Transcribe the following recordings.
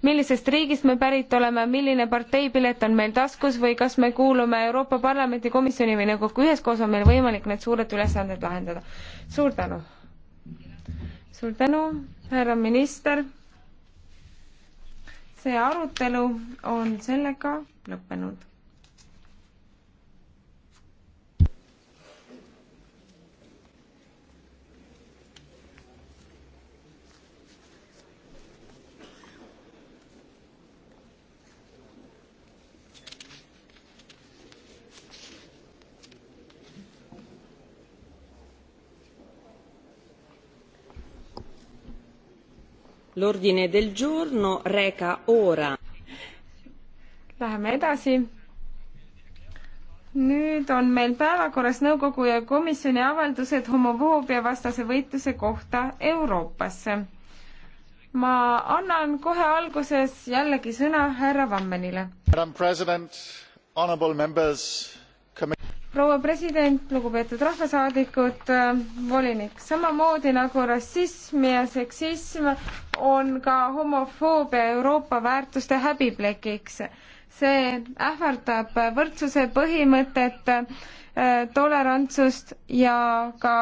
millisest riigist me pärit oleme, milline parteipilet on meil taskus või kas me kuulume Euroopa Parlamenti komisjoni või nõukokku, nagu üheskoos on meil võimalik need suured ülesanded lahendada. suur tänu! suur tänu, härra minister! see arutelu on sellega lõppenud L'ordine del giorno reca ora. Läheme edasi. nüüd on meil päevakorras nõukogu ja komisjoni avaldused homofoobia vastase võitluse kohta Euroopasse. ma annan kohe alguses jällegi sõna härra Vammenile. Madam President, honorable members proua president, lugupeetud rahvasaadikud, äh, volinik, samamoodi nagu rassism ja seksism on ka homofoobia Euroopa väärtuste häbiplekiks. see ähvardab võrdsuse põhimõtet, äh, tolerantsust ja ka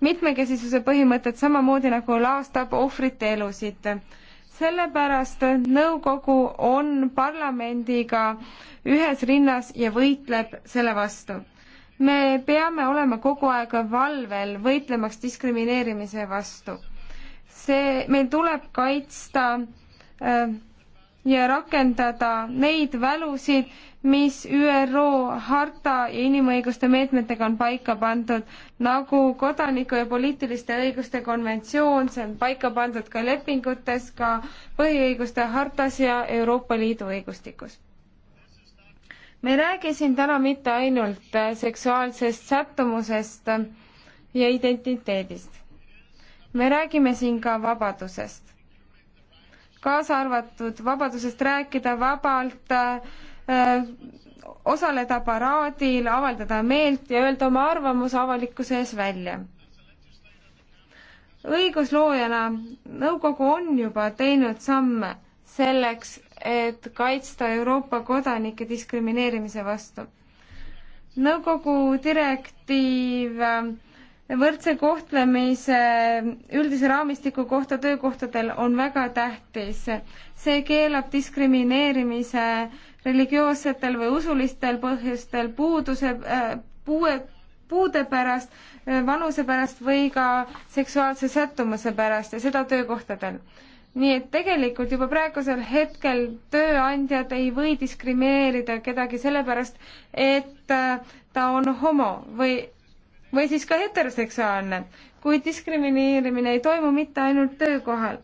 mitmekesisuse põhimõtet, samamoodi nagu laastab ohvrite elusid sellepärast nõukogu on parlamendiga ühes rinnas ja võitleb selle vastu me peame olema kogu aeg valvel, võitlemaks diskrimineerimise vastu. see, meil tuleb kaitsta äh, ja rakendada neid välusid, mis ÜRO harta ja inimõiguste meetmetega on paika pandud, nagu kodaniku ja poliitiliste õiguste konventsioon, see on paika pandud ka lepingutes, ka põhiõiguste hartas ja Euroopa Liidu õigustikus me ei räägi siin täna mitte ainult äh, seksuaalsest sättumusest ja identiteedist. me räägime siin ka vabadusest. kaasa arvatud vabadusest rääkida vabalt äh,, osaleda paraadil, avaldada meelt ja öelda oma arvamus avalikkuse ees välja. õigusloojana nõukogu on juba teinud samme selleks, et kaitsta Euroopa kodanikke diskrimineerimise vastu. nõukogu direktiiv äh, võrdse kohtlemise üldise raamistiku kohta töökohtadel on väga tähtis. see keelab diskrimineerimise religioossetel või usulistel põhjustel, puuduse, äh, puue, puude pärast, äh, vanuse pärast või ka seksuaalse sättumuse pärast ja seda töökohtadel nii et tegelikult juba praegusel hetkel tööandjad ei või diskrimineerida kedagi sellepärast, et äh, ta on homo või, või siis ka heteroseksuaalne, kuid diskrimineerimine ei toimu mitte ainult töökohal.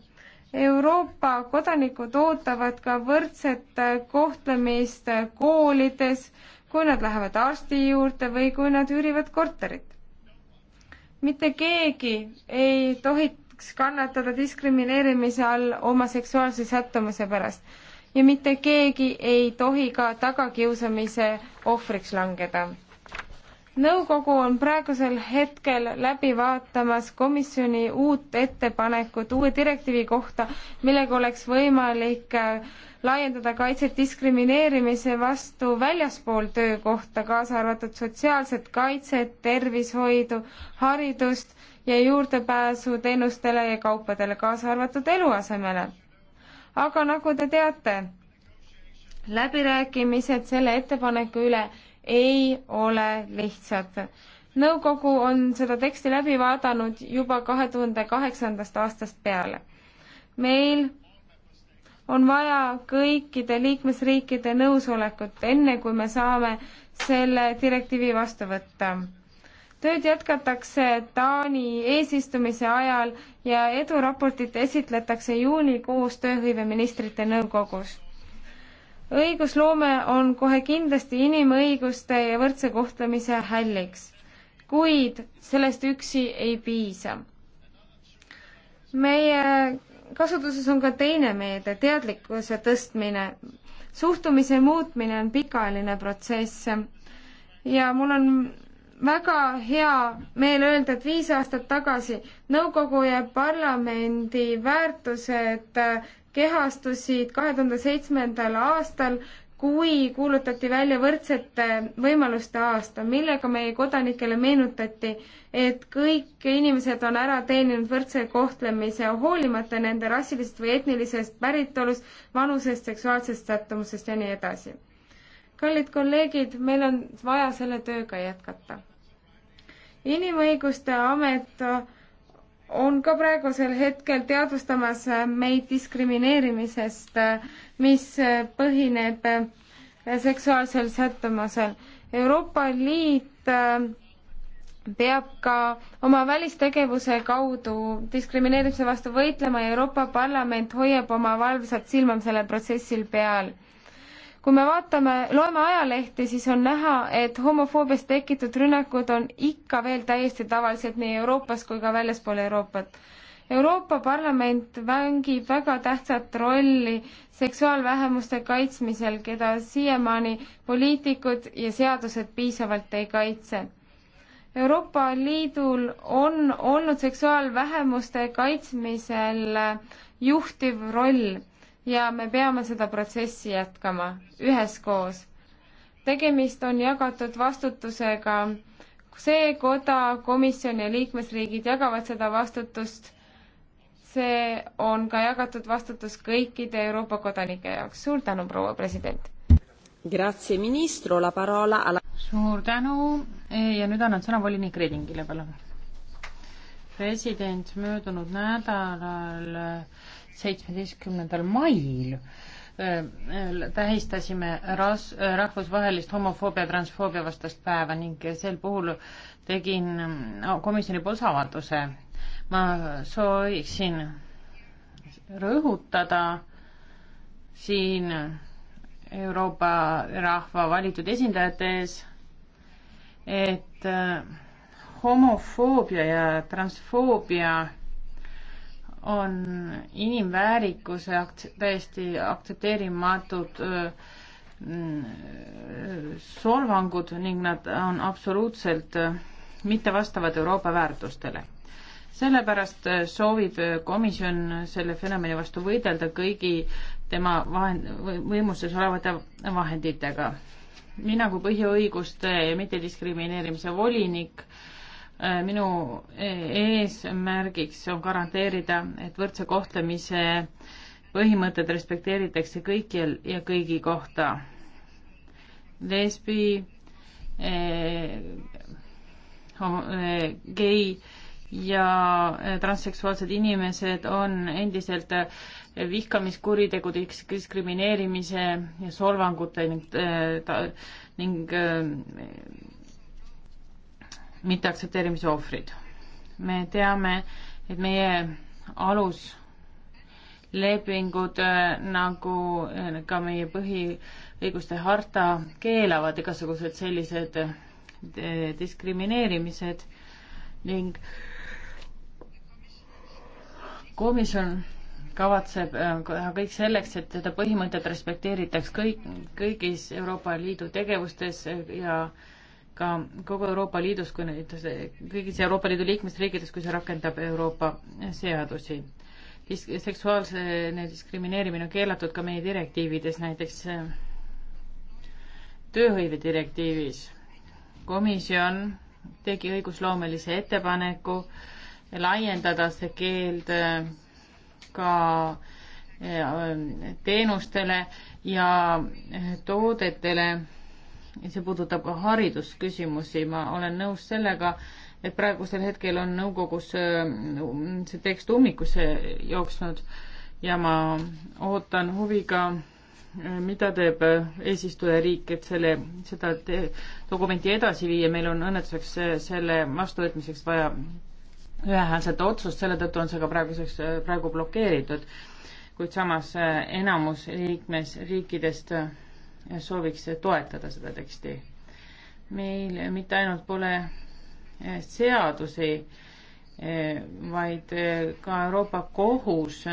Euroopa kodanikud ootavad ka võrdset äh, kohtlemist äh, koolides, kui nad lähevad arsti juurde või kui nad üürivad korterit. mitte keegi ei tohi tohiks kannatada diskrimineerimise all oma seksuaalse sättumuse pärast ja mitte keegi ei tohi ka tagakiusamise ohvriks langeda. nõukogu on praegusel hetkel läbi vaatamas komisjoni uut ettepanekut uue direktiivi kohta, millega oleks võimalik äh, laiendada kaitset diskrimineerimise vastu väljaspool töökohta, kaasa arvatud sotsiaalset kaitset, tervishoidu, haridust ja juurdepääsu teenustele ja kaupadele, kaasa arvatud eluasemele. aga nagu te teate, läbirääkimised selle ettepaneku üle ei ole lihtsad. nõukogu on seda teksti läbi vaadanud juba kahe tuhande kaheksandast aastast peale. meil on vaja kõikide liikmesriikide nõusolekut, enne kui me saame selle direktiivi vastu võtta tööd jätkatakse Taani eesistumise ajal ja eduraportit esitletakse juunikuus tööhõiveministrite nõukogus. õigusloome on kohe kindlasti inimõiguste ja võrdse kohtlemise hälliks, kuid sellest üksi ei piisa. meie kasutuses on ka teine meede, teadlikkuse tõstmine. suhtumise muutmine on pikaajaline protsess ja mul on väga hea meel öelda, et viis aastat tagasi nõukogu ja parlamendi väärtused kehastusid kahe tuhande seitsmendal aastal, kui kuulutati välja võrdsete võimaluste aasta, millega meie kodanikele meenutati, et kõik inimesed on ära teeninud võrdse kohtlemise, hoolimata nende rassilisest või etnilisest päritolust, vanusest, seksuaalsest sättumusest ja nii edasi. kallid kolleegid, meil on vaja selle tööga jätkata inimõiguste amet on ka praegusel hetkel teadvustamas meid diskrimineerimisest, mis põhineb seksuaalsel sättumusel. Euroopa Liit peab ka oma välistegevuse kaudu diskrimineerimise vastu võitlema ja Euroopa Parlament hoiab oma valvsat silma sellel protsessil peal kui me vaatame, loeme ajalehti, siis on näha, et homofoobiast tekitud rünnakud on ikka veel täiesti tavalised nii Euroopas kui ka väljaspool Euroopat. Euroopa Parlament mängib väga tähtsat rolli seksuaalvähemuste kaitsmisel, keda siiamaani poliitikud ja seadused piisavalt ei kaitse. Euroopa Liidul on olnud seksuaalvähemuste kaitsmisel juhtiv roll ja me peame seda protsessi jätkama üheskoos. tegemist on jagatud vastutusega. see koda, komisjon ja liikmesriigid jagavad seda vastutust. see on ka jagatud vastutus kõikide Euroopa kodanike jaoks. suur tänu, proua president! Grazie ministro, la parola alla suur tänu ja nüüd annan sõna volinik Redingile, palun. president möödunud nädalal seitsmeteistkümnendal mail äh, äh, tähistasime ras-, äh, rahvusvahelist homofoobia, transfoobia vastast päeva ning sel puhul tegin komisjoni poolt avalduse. ma sooviksin rõhutada siin Euroopa rahva valitud esindajate ees, et homofoobia ja transfoobia on inimväärikuse akts-, täiesti aktsepteerimatud öö, mm, solvangud ning nad on absoluutselt mittevastavad Euroopa väärtustele. sellepärast soovib komisjon selle fenomeni vastu võidelda kõigi tema vahend, võimuses olevate vahenditega. mina kui põhiõiguste ja mittediskrimineerimise volinik äh, Äh, minu e-, eesmärgiks on garanteerida, et võrdse kohtlemise põhimõtted respekteeritakse kõikjal ja kõigi kohta. lesbi eh,, eh, gei ja e, transseksuaalsed inimesed on endiselt vihkamiskuritegudeks, diskrimineerimise ja solvangute ning eh, ta, ning e, mitteaktsepteerimise ohvrid. me teame, et meie aluslepingud äh, nagu äh, ka meie põhiõiguste harta keelavad igasugused sellised äh, diskrimineerimised ning komisjon kavatseb teha kõik selleks, et seda põhimõtet respekteeritaks kõik, kõigis Euroopa Liidu tegevustes ja äh, ka kogu Euroopa Liidus, kui nüüd kõigis Euroopa Liidu liikmesriikides, kui see rakendab Euroopa seadusi. seksuaalse diskrimineerimine on keelatud ka meie direktiivides, näiteks äh, tööhõive direktiivis. komisjon tegi õigusloomelise ettepaneku laiendada see keeld äh, ka äh, teenustele ja toodetele see puudutab ka haridusküsimusi, ma olen nõus sellega, et praegusel hetkel on nõukogus äh, see tekst ummikusse jooksnud ja ma ootan huviga, äh, mida teeb äh, eesistujariik, et selle, seda te, dokumenti edasi viia, meil on õnnetuseks selle vastuvõtmiseks vaja ühehäälset otsust, selle tõttu on see ka praeguseks, praegu blokeeritud. kuid samas enamus liikmesriikidest sooviks toetada seda teksti. meil mitte ainult pole eh, seadusi, eh, vaid eh, ka Euroopa Kohus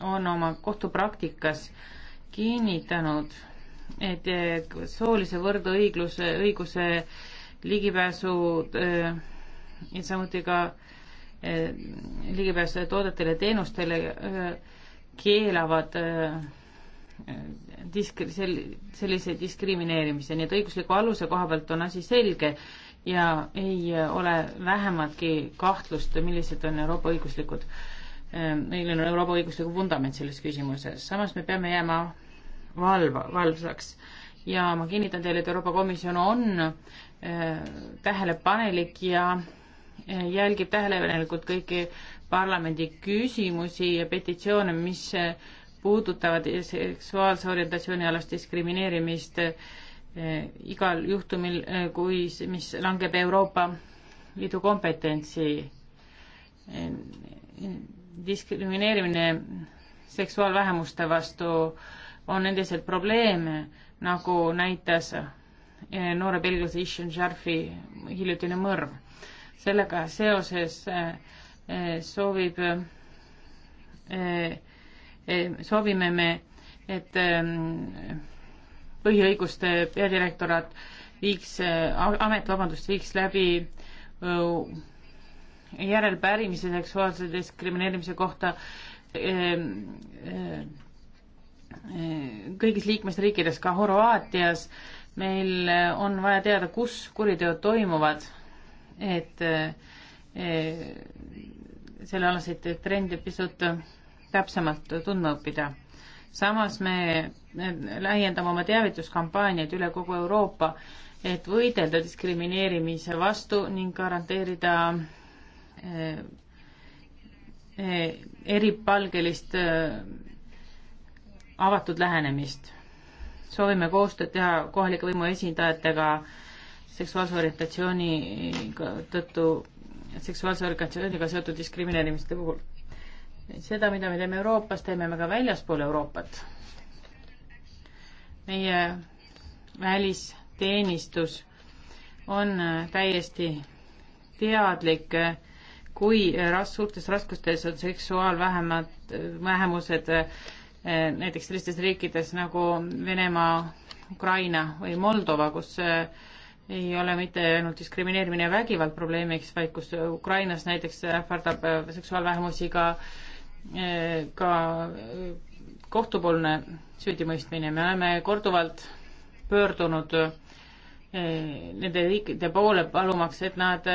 on oma kohtupraktikas kinnitanud, et soolise võrdõigluse, õiguse ligipääsu, samuti ka ligipääs toodetele ja teenustele keelavad disk-, sel-, sellise diskrimineerimise, nii et õigusliku aluse koha pealt on asi selge ja ei ole vähematki kahtlust, millised on Euroopa õiguslikud, ähm, milline on Euroopa õigusliku vundament selles küsimuses. samas me peame jääma valva, valvsaks ja ma kinnitan teile, et Euroopa Komisjon on äh, tähelepanelik ja äh, jälgib tähelepanelikult kõiki parlamendi küsimusi ja petitsioone, mis äh, puudutavad seksuaalse orientatsiooni alast diskrimineerimist eh, igal juhtumil, eh, kui, mis langeb Euroopa Liidu kompetentsi. Eh, diskrimineerimine seksuaalvähemuste vastu on endiselt probleem, nagu näitas noore belglase Ishan Sharfi hiljutine mõrv. sellega seoses soovib E, soovime me, et ähm, põhiõiguste peadirektorat viiks, äh, amet, vabandust, viiks läbi äh, järelpärimise seksuaalse diskrimineerimise kohta ähm, äh, kõigis liikmesriikides, ka Horvaatias. meil on vaja teada, kus kuriteod toimuvad, et sellealaseid trende pisut täpsemalt tundma õppida. samas me laiendame oma teavituskampaaniaid üle kogu Euroopa, et võidelda diskrimineerimise vastu ning garanteerida eh, eh, eripalgelist eh, avatud lähenemist. soovime koostööd teha kohalike võimu esindajatega seksuaalse orientatsiooni tõttu, seksuaalse orientatsiooniga seotud diskrimineerimiste puhul seda, mida me teeme Euroopas, teeme me ka väljaspool Euroopat. meie välisteenistus on äh, täiesti teadlik, äh, kui ras-, suurtes raskustes on seksuaalvähemad, äh, vähemused näiteks sellistes riikides nagu Venemaa, Ukraina või Moldova, kus ei ole mitte ainult diskrimineerimine ja vägivald probleemiks, vaid kus Ukrainas näiteks ähvardab seksuaalvähemusi ka äh, Äh, ka äh, kohtupoolne süüdimõistmine, me oleme korduvalt pöördunud äh, nende riikide poole palumaks, et nad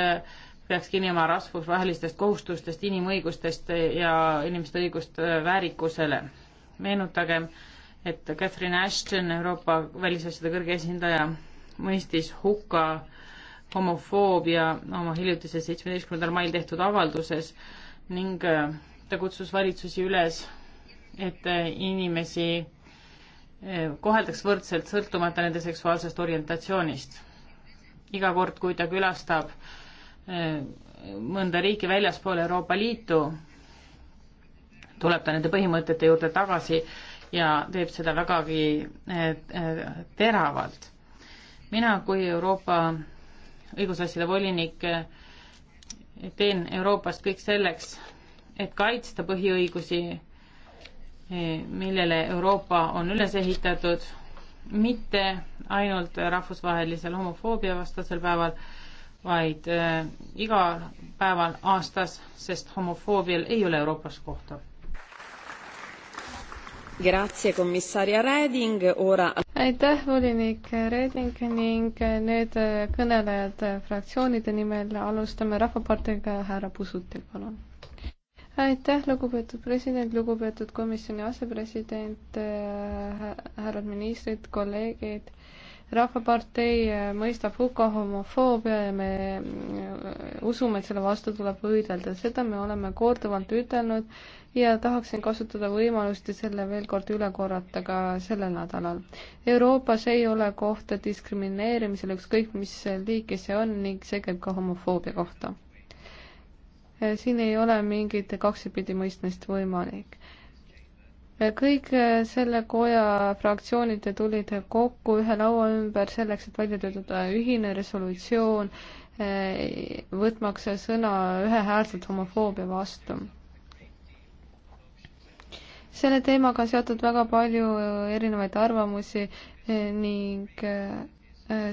peaks kinni rahvusvahelistest kohustustest, inimõigustest ja inimeste õigust väärikusele. meenutagem, et Catherine Ashton, Euroopa välisasjade kõrge esindaja, mõistis hukka homofoobia oma hiljutises seitsmeteistkümnendal mail tehtud avalduses ning ta kutsus valitsusi üles, et inimesi eh, koheldaks võrdselt, sõltumata nende seksuaalsest orientatsioonist. iga kord, kui ta külastab eh, mõnda riiki väljaspool Euroopa Liitu, tuleb ta nende põhimõtete juurde tagasi ja teeb seda vägagi eh, teravalt. mina kui Euroopa õigusasjade volinik teen Euroopast kõik selleks, et kaitsta põhiõigusi, millele Euroopa on üles ehitatud, mitte ainult rahvusvahelisel homofoobia vastasel päeval, vaid äh, igal päeval aastas, sest homofoobial ei ole Euroopas kohta. Grazie, komissaria Reding, ora. aitäh, volinik Reding ning nüüd äh, kõnelejad fraktsioonide nimel, alustame Rahvaparteiga, härra Pusutil, palun aitäh, lugupeetud president, lugupeetud komisjoni asepresident äh,, härrad ministrid, kolleegid. rahvapartei äh, mõistab hukka homofoobia ja me äh, usume, et selle vastu tuleb võidelda, seda me oleme korduvalt ütelnud ja tahaksin kasutada võimalust ja selle veel kord üle korrata ka sellel nädalal. Euroopas ei ole kohta diskrimineerimisele, ükskõik mis liiki see on ning see käib ka homofoobia kohta Eh, siin ei ole mingit kaksipidi mõistmist võimalik. Eh, kõik eh, selle koja fraktsioonid tulid kokku ühe laua ümber selleks, et välja töötada ühine resolutsioon, võtmaks sõna ühehäälselt homofoobia vastu. selle teemaga on seotud väga palju erinevaid arvamusi ning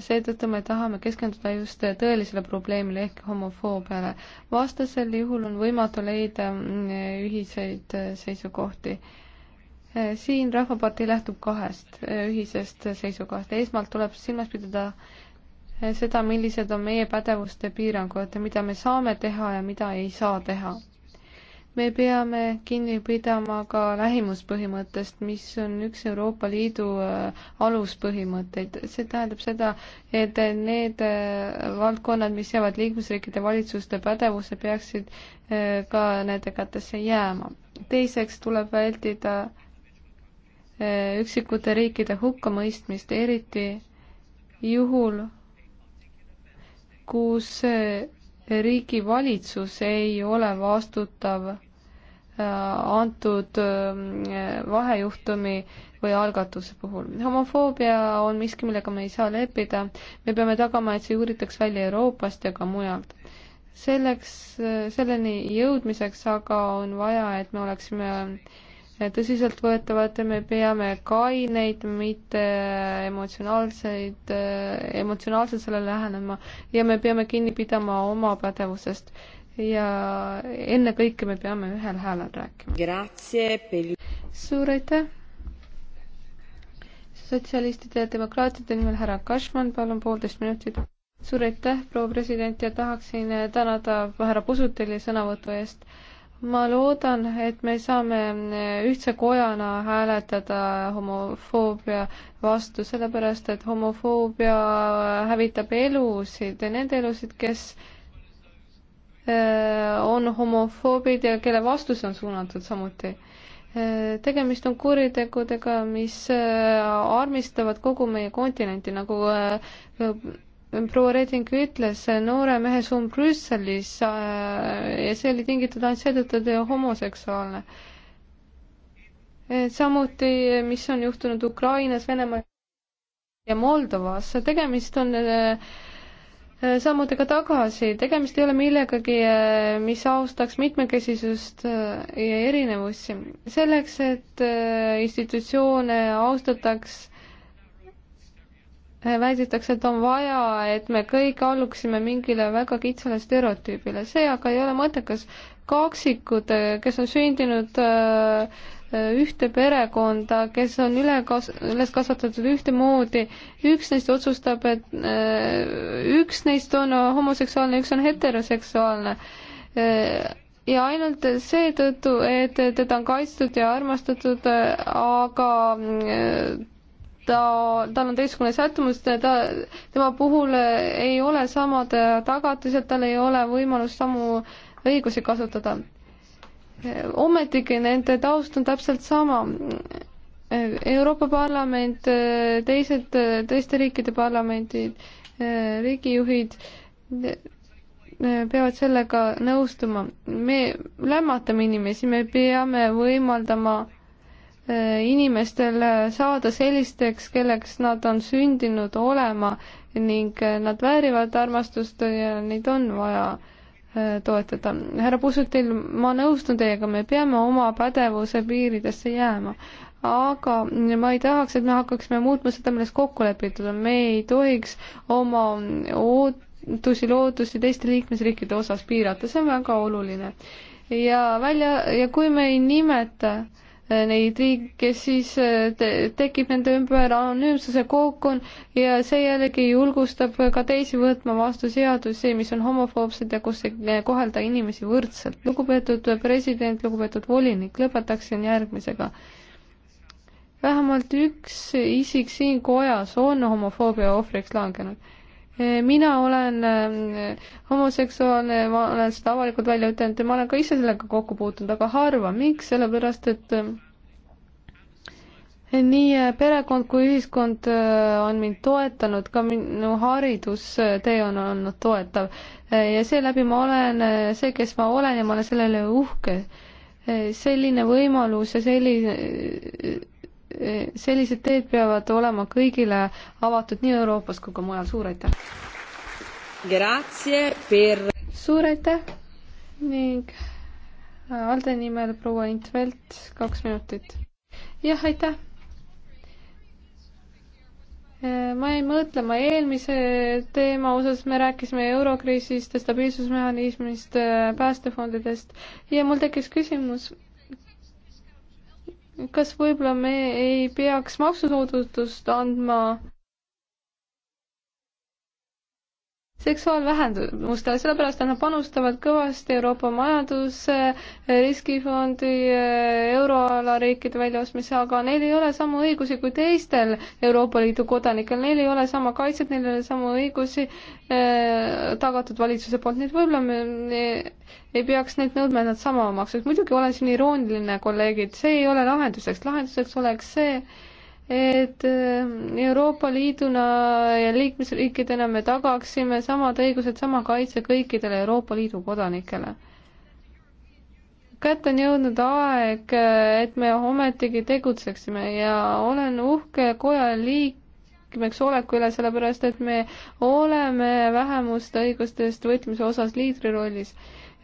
seetõttu me tahame keskenduda just tõelisele probleemile ehk homofoobiale. vastasel juhul on võimatu leida mm, ühiseid äh, seisukohti. Äh, siin Rahvapartei lähtub kahest äh, ühisest seisukohast. esmalt tuleb silmas pidada seda, millised on meie pädevuste piirangud, mida me saame teha ja mida ei saa teha me peame kinni pidama ka lähimuspõhimõttest, mis on üks Euroopa Liidu äh, aluspõhimõtteid. see tähendab seda, et need äh, valdkonnad, mis jäävad liikmesriikide valitsuste pädevusse, peaksid äh, ka nende kätesse jääma. teiseks tuleb vältida üksikute riikide hukkamõistmist, eriti juhul, kus riigi valitsus ei ole vastutav äh, antud äh, vahejuhtumi või algatuse puhul. homofoobia on miski, millega me ei saa leppida. me peame tagama, et see juuritakse välja Euroopast ja ka mujalt. selleks, äh, selleni jõudmiseks aga on vaja, et me oleksime tõsiseltvõetavad ja me peame kaineid, mitte emotsionaalseid, emotsionaalselt sellele lähenema ja me peame kinni pidama oma pädevusest. ja ennekõike me peame ühel häälel rääkima. suur aitäh! sotsialistide ja demokraatide nimel härra Kašman, palun poolteist minutit. suur aitäh, proua president ja tahaksin tänada härra Pusutili sõnavõtu eest ma loodan, et me saame ühtse kojana hääletada homofoobia vastu, sellepärast et homofoobia hävitab elusid ja nende elusid, kes äh, on homofoobid ja kelle vastu see on suunatud samuti. Äh, tegemist on kuritegudega, mis äh, armistavad kogu meie kontinenti, nagu proua Reding ütles, noore mehe suund Brüsselis äh, ja see oli tingitud ainult seetõttu, et ta oli homoseksuaalne. samuti, mis on juhtunud Ukrainas, Venemaal ja Moldovas, tegemist on äh, äh, sammudega tagasi, tegemist ei ole millegagi, mis austaks mitmekesisust ja erinevusi. selleks, et institutsioone austataks väidetakse, et on vaja, et me kõik alluksime mingile väga kitsale stereotüübile, see aga ei ole mõttekas. kaksikud, kes on sündinud äh, ühte perekonda, kes on üle kas-, üles kasvatatud ühtemoodi, üks neist otsustab, et äh, üks neist on homoseksuaalne, üks on heteroseksuaalne äh, ja ainult seetõttu, et teda on kaitstud ja armastatud, aga ta, tal on teistsugune sättumus, ta, tema puhul ei ole samad tagatised, tal ei ole võimalust samu õigusi kasutada. ometigi nende taust on täpselt sama. Euroopa Parlament, teised, teiste riikide parlamendid, riigijuhid peavad sellega nõustuma. me lämmatame inimesi, me peame võimaldama Äh, inimestel äh, saada sellisteks, kelleks nad on sündinud olema ning äh, nad väärivad armastust ja neid on vaja toetada. härra Pusutil, ma nõustun teiega, me peame oma pädevuse piiridesse jääma, aga ma ei tahaks, et me hakkaksime muutma seda, milles kokku lepitud on, me ei tohiks oma ootusi, lootusi teiste liikmesriikide osas piirata, see on väga oluline. ja välja, ja kui me ei nimeta äh, Äh, neid riike, siis äh, te, tekib nende ümber anonüümsuse kookon ja see jällegi julgustab ka teisi võtma vastu seadusi, mis on homofoobsed ja kus ei äh, kohelda inimesi võrdselt. lugupeetud president, lugupeetud volinik, lõpetaksin järgmisega vähemalt üks isik siin kojas on homofoobia ohvriks langenud mina olen ähm, homoseksuaalne, ma olen seda avalikult välja ütelnud ja ma olen ka ise sellega kokku puutunud, aga harva, miks, sellepärast et ähm, nii äh, perekond kui ühiskond äh, on mind toetanud, ka minu haridustee äh, on olnud toetav ja seeläbi ma olen see, kes ma olen ja ma olen selle üle uhke. selline võimalus ja selline sellised teed peavad olema kõigile avatud nii Euroopas kui ka mujal, suur aitäh! Per... suur aitäh ning äh, Alde nimel proua Intvelt, kaks minutit. jah, aitäh! Äh, ma jäin mõtlema eelmise teema osas, me rääkisime eurokriisist, stabiilsusmehhanismist, äh, päästefondidest ja mul tekkis küsimus, kas võib-olla me ei peaks maksusoodustust andma seksuaalvähendustele, sellepärast et nad panustavad kõvasti Euroopa majandusse, eh, riskifondi, eh, euroala riikide väljaostmisse, aga neil ei ole samu õigusi kui teistel Euroopa Liidu kodanikel, neil ei ole sama kaitset, neil ei ole samu õigusi äh, tagatud valitsuse poolt, nii et võib-olla me ei peaks neid nõudma, et nad sama maksaks, muidugi olen siin irooniline, kolleegid, see ei ole lahenduseks, lahenduseks oleks see, et ähm, Euroopa Liiduna ja liikmesriikidena me tagaksime samad õigused, sama kaitse kõikidele Euroopa Liidu kodanikele. kätte on jõudnud aeg, äh, et me ometigi tegutseksime ja olen uhke koja liikmeks oleku üle, sellepärast et me oleme vähemuste õigustest võtmise osas liidrirollis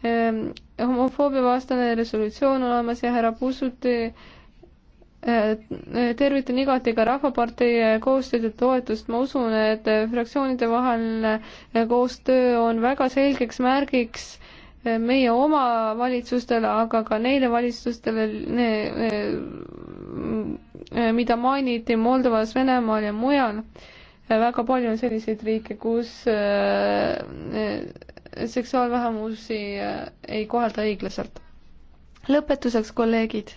ähm, homofoobiavastane resolutsioon olemas ja härra Pusuti tervitan igati ka Rahvapartei koostööd ja toetust, ma usun, et fraktsioonide vaheline koostöö on väga selgeks märgiks meie oma valitsustele, aga ka neile valitsustele, mida mainiti Moldovas, Venemaal ja mujal. väga palju on selliseid riike, kus seksuaalvähemusi ei kohelda õiglaselt. lõpetuseks, kolleegid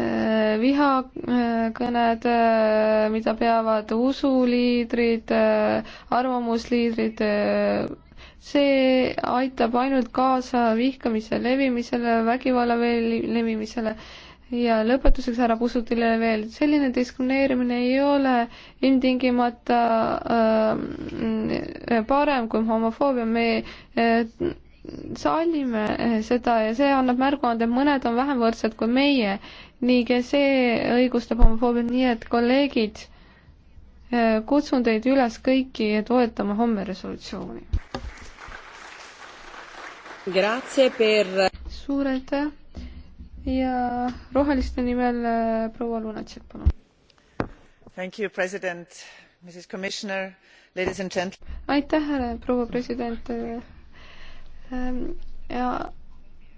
Äh, vihakõned, äh, mida peavad usuliidrid, äh, arvamusliidrid, see aitab ainult kaasa vihkamise levimisele, vägivalla levimisele ja lõpetuseks härra Pusutile veel, selline diskrimineerimine ei ole ilmtingimata äh, parem kui homofoobia, me äh, sallime eh, seda ja see annab märguande, et mõned on vähem võrdsed kui meie ning see õigustab homofoobiat, nii et kolleegid, eh, kutsun teid üles kõiki toetama homme resolutsiooni. Per... suur aitäh ja roheliste nimel eh, proua Lunatšek, palun. Thank you, president, Mrs Commissioner, ladies and gentlemen. aitäh, proua president Ähm, ja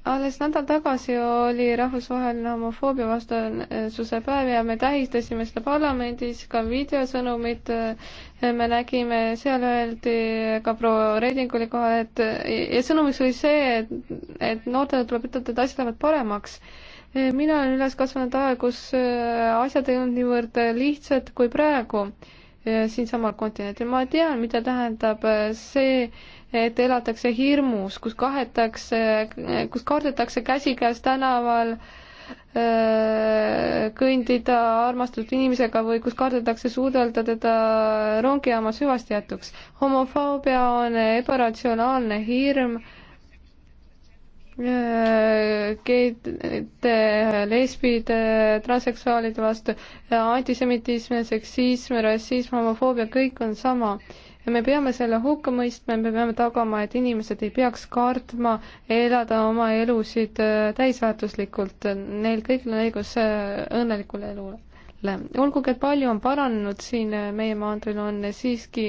alles nädal tagasi oli rahvusvaheline homofoobia vastasuse päev ja me tähistasime seda parlamendis, ka videosõnumid äh, me nägime, seal öeldi ka proua Redinguli koha, et ja sõnumiks oli see, et, et noortele tuleb ütelda, et asjad lähevad paremaks. Äh, mina olen üles kasvanud ajal, kus äh, asjad ei olnud niivõrd lihtsad kui praegu siinsamal kontinentil. ma tean, mida tähendab see, et elatakse hirmus, kus kahetakse, kus kardetakse käsikäes tänaval äh, kõndida armastatud inimesega või kus kardetakse suudelda teda rongijaamas hüvasti jätuks. homofoobia on ebaratsionaalne hirm äh, geide, lesbide, äh, transseksuaalide vastu, antisemitism, seksism, rassism, homofoobia, kõik on sama ja me peame selle hukka mõistma ja me peame tagama, et inimesed ei peaks kartma elada oma elusid äh, täisväärtuslikult, neil kõigil on õigus äh, õnnelikule elule olgugi, et palju on paranenud siin äh, meie maantril, on siiski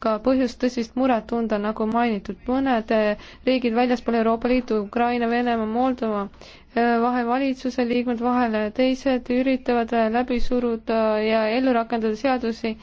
ka põhjust tõsist muret tunda, nagu mainitud, mõned riigid väljaspool Euroopa Liitu, Ukraina, Venemaa, Moldova, vahevalitsuse liikmed vahele, teised üritavad läbi suruda ja ellu rakendada seadusi,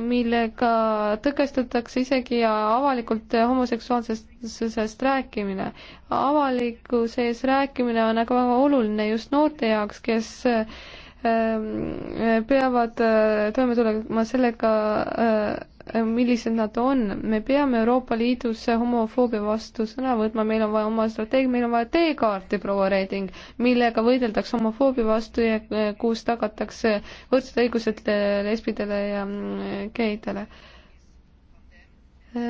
millega tõkestatakse isegi avalikult homoseksuaalsusest rääkimine. avaliku sees rääkimine on aga väga oluline just noorte jaoks, kes ähm, peavad äh, toime tulema sellega äh, Äh, millised nad on, me peame Euroopa Liidus homofoobia vastu sõna võtma, meil on vaja oma strateegia, meil on vaja teekaarti, proua Reding, millega võideldakse homofoobia vastu ja äh, kus tagatakse võrdsed õigused äh, lesbidele ja mm, geidele.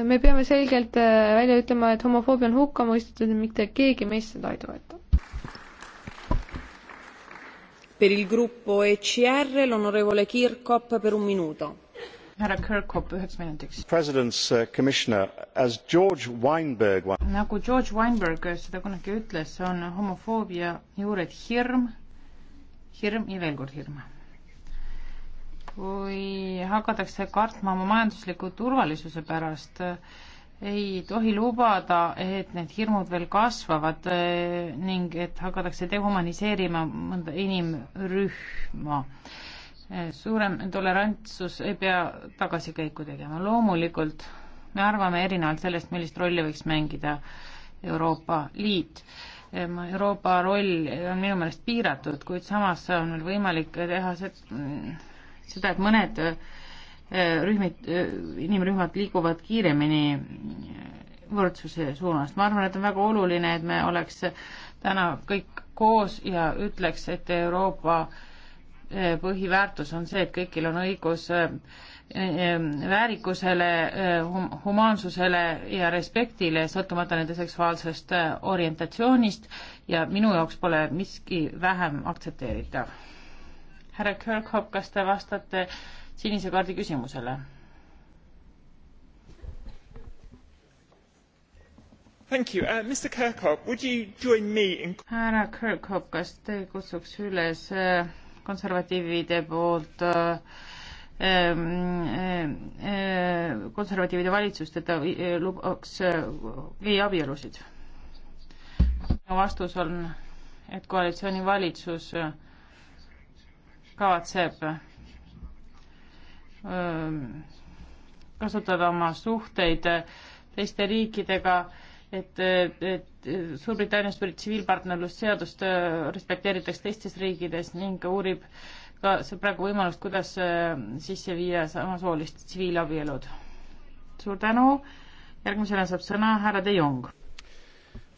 me peame selgelt välja ütlema, et homofoobia on hukka mõistetud ja mitte keegi meist seda ei toeta. Per il gruppo ECR l'onorevole Kirkop per un minuto härra Kirkhope üheks minutiks. Uh, Weinberg... nagu George Weinberg seda kunagi ütles, on homofoobia juured hirm, hirm ja veel kord hirm. kui hakatakse kartma oma majandusliku turvalisuse pärast, eh, ei tohi lubada, et need hirmud veel kasvavad eh, ning et hakatakse dehumaniseerima mõnda inimrühma suurem tolerantsus ei pea tagasikäiku tegema. loomulikult me arvame erinevalt sellest, millist rolli võiks mängida Euroopa Liit. Ehm, Euroopa roll on minu meelest piiratud, kuid samas on meil võimalik teha seda, et mõned ehm, rühmid, ehm, inimrühmad liiguvad kiiremini võrdsuse suunas. ma arvan, et on väga oluline, et me oleks täna kõik koos ja ütleks, et Euroopa äh, Eh, põhiväärtus on see, et kõigil on õigus eh, eh, väärikusele, humaansusele ja respektile, sõltumata nende seksuaalsest orientatsioonist ja minu jaoks pole miski vähem aktsepteeritav. härra Kirkhoff, kas te vastate sinise kaardi küsimusele? Uh, härra Kirkhoff, kas te kutsuks üles äh, konservatiivide poolt äh, ähm, äh, äh, konservatiivide valitsust, et ta lubaks gei abielusid. minu vastus on, et koalitsioonivalitsus kavatseb kasutada oma suhteid teiste riikidega et, et Suurbritannias tsiviilpartnerlusseadust äh, respekteeritakse teistes riikides ning uurib ka see praegu võimalust, kuidas äh, sisse viia samasoolist tsiviilabielud. suur tänu, järgmisena saab sõna härra De Jong.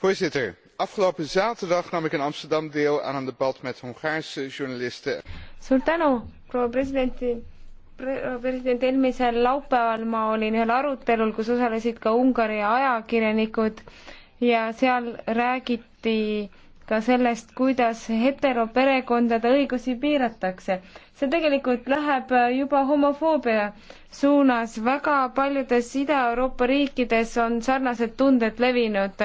Voorzitter, afgelopen zaterdag nam ik in Amsterdam deel aan een debat met Hongaarse journalisten. Suur tänu, proua presidenti president eelmisel laupäeval ma olin ühel arutelul, kus osalesid ka Ungari ajakirjanikud ja seal räägiti ka sellest, kuidas heteroperekondade õigusi piiratakse. see tegelikult läheb juba homofoobia suunas, väga paljudes Ida-Euroopa riikides on sarnased tunded levinud.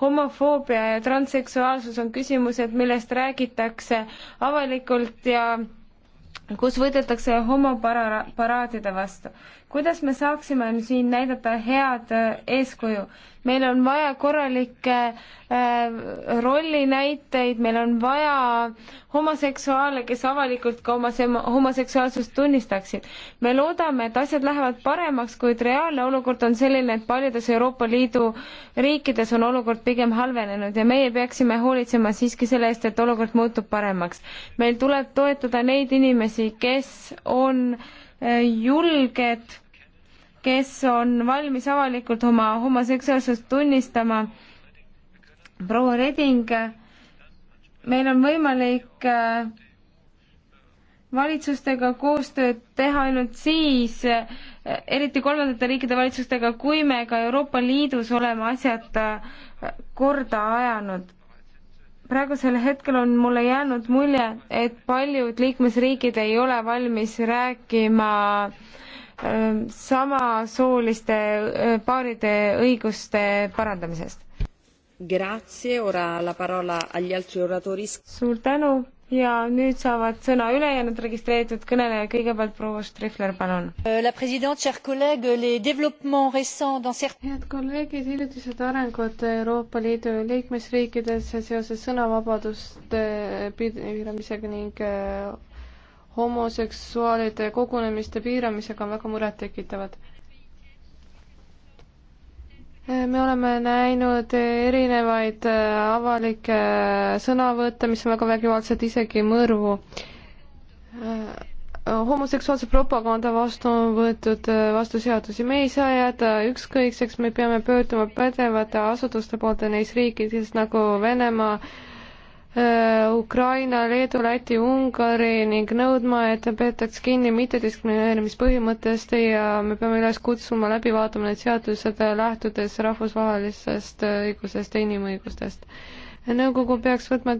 homofoobia ja transseksuaalsus on küsimused, millest räägitakse avalikult ja kus võidetakse homoparaadide vastu kuidas me saaksime siin näidata head äh, eeskuju? meil on vaja korralikke äh, rollinäiteid, meil on vaja homoseksuaale, kes avalikult ka oma homoseksuaalsust tunnistaksid. me loodame, et asjad lähevad paremaks, kuid reaalne olukord on selline, et paljudes Euroopa Liidu riikides on olukord pigem halvenenud ja meie peaksime hoolitsema siiski selle eest, et olukord muutub paremaks. meil tuleb toetada neid inimesi, kes on äh, julged kes on valmis avalikult oma homoseksuaalsust tunnistama. proua Reding, meil on võimalik äh, valitsustega koostööd teha ainult siis, äh, eriti kolmandate riikide valitsustega, kui me ka Euroopa Liidus oleme asjad äh, korda ajanud. praegusel hetkel on mulle jäänud mulje, et paljud liikmesriigid ei ole valmis rääkima äh, Ähm, samasooliste äh, paaride õiguste parandamisest. suur tänu ja nüüd saavad sõna ülejäänud registreeritud kõnelejad, kõigepealt proua Strihler, palun. Euh, head kolleegid, hiljutised arengud Euroopa Liidu liikmesriikides seoses sõnavabaduste äh, piiramisega ning äh, homoseksuaalide kogunemiste piiramisega on väga murettekitavad. me oleme näinud erinevaid äh, avalikke äh, sõnavõtte, mis on väga vägivaldsed, isegi mõrvu. Äh, homoseksuaalse propaganda vastu on võetud vastuseadusi, me ei saa jääda ükskõikseks, me peame pöörduma pädevate asutuste poolt neis riikides nagu Venemaa, Äh, Ukraina, Leedu, Läti, Ungari ning nõudma, et peetaks kinni mittediskrimineerimispõhimõttest ja me peame üles kutsuma läbi vaatama need seadused, lähtudes rahvusvahelisest õigusest ja inimõigustest. nõukogu peaks võtma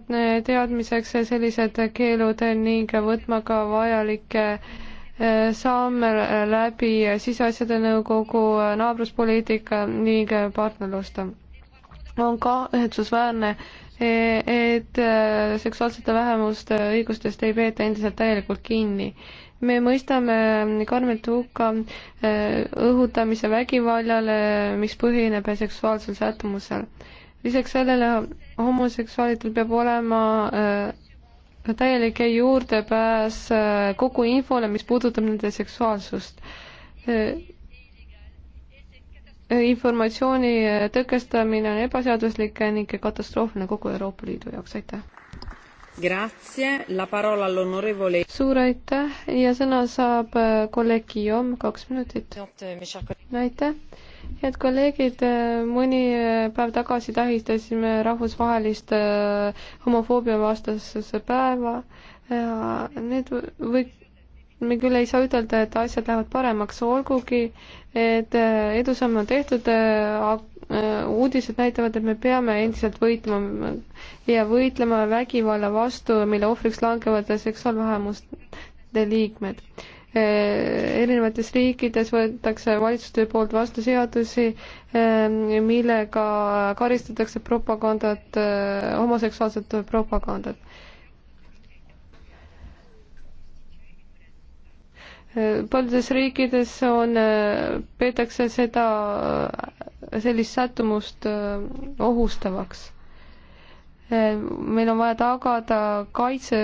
teadmiseks sellised keelud ning võtma ka vajalikke äh, saame läbi siseasjade nõukogu naabruspoliitika ning partnerluste. on kahetsusväärne, E, et äh, seksuaalsete vähemuste õigustest ei peeta endiselt täielikult kinni. me mõistame karmilt äh, hukka äh, õhutamise vägivallale, mis põhineb seksuaalsel sättumusel. lisaks sellele homoseksuaalidel peab olema täielik juurdepääs kogu infole, mis puudutab nende seksuaalsust informatsiooni tõkestamine on ebaseaduslik ning katastroofiline kogu Euroopa Liidu jaoks, aitäh. suur aitäh ja sõna saab äh, kolleeg Guillaume, kaks minutit. aitäh, head kolleegid, äh, mõni äh, päev tagasi tähistasime rahvusvahelist homofoobia vastasesse päeva ja need või me küll ei saa ütelda, et asjad lähevad paremaks, olgugi et äh, edusamme on tehtud, äh, äh, uudised näitavad, et me peame endiselt võitlema ja võitlema vägivalla vastu, mille ohvriks langevad seksuaalvähemuste liikmed. erinevates riikides võetakse valitsuste poolt vastu seadusi, ähm, millega karistatakse propagandat, homoseksuaalset propagandat paljudes riikides on, äh, peetakse seda, äh, sellist sättumust äh, ohustavaks. meil on vaja tagada kaitse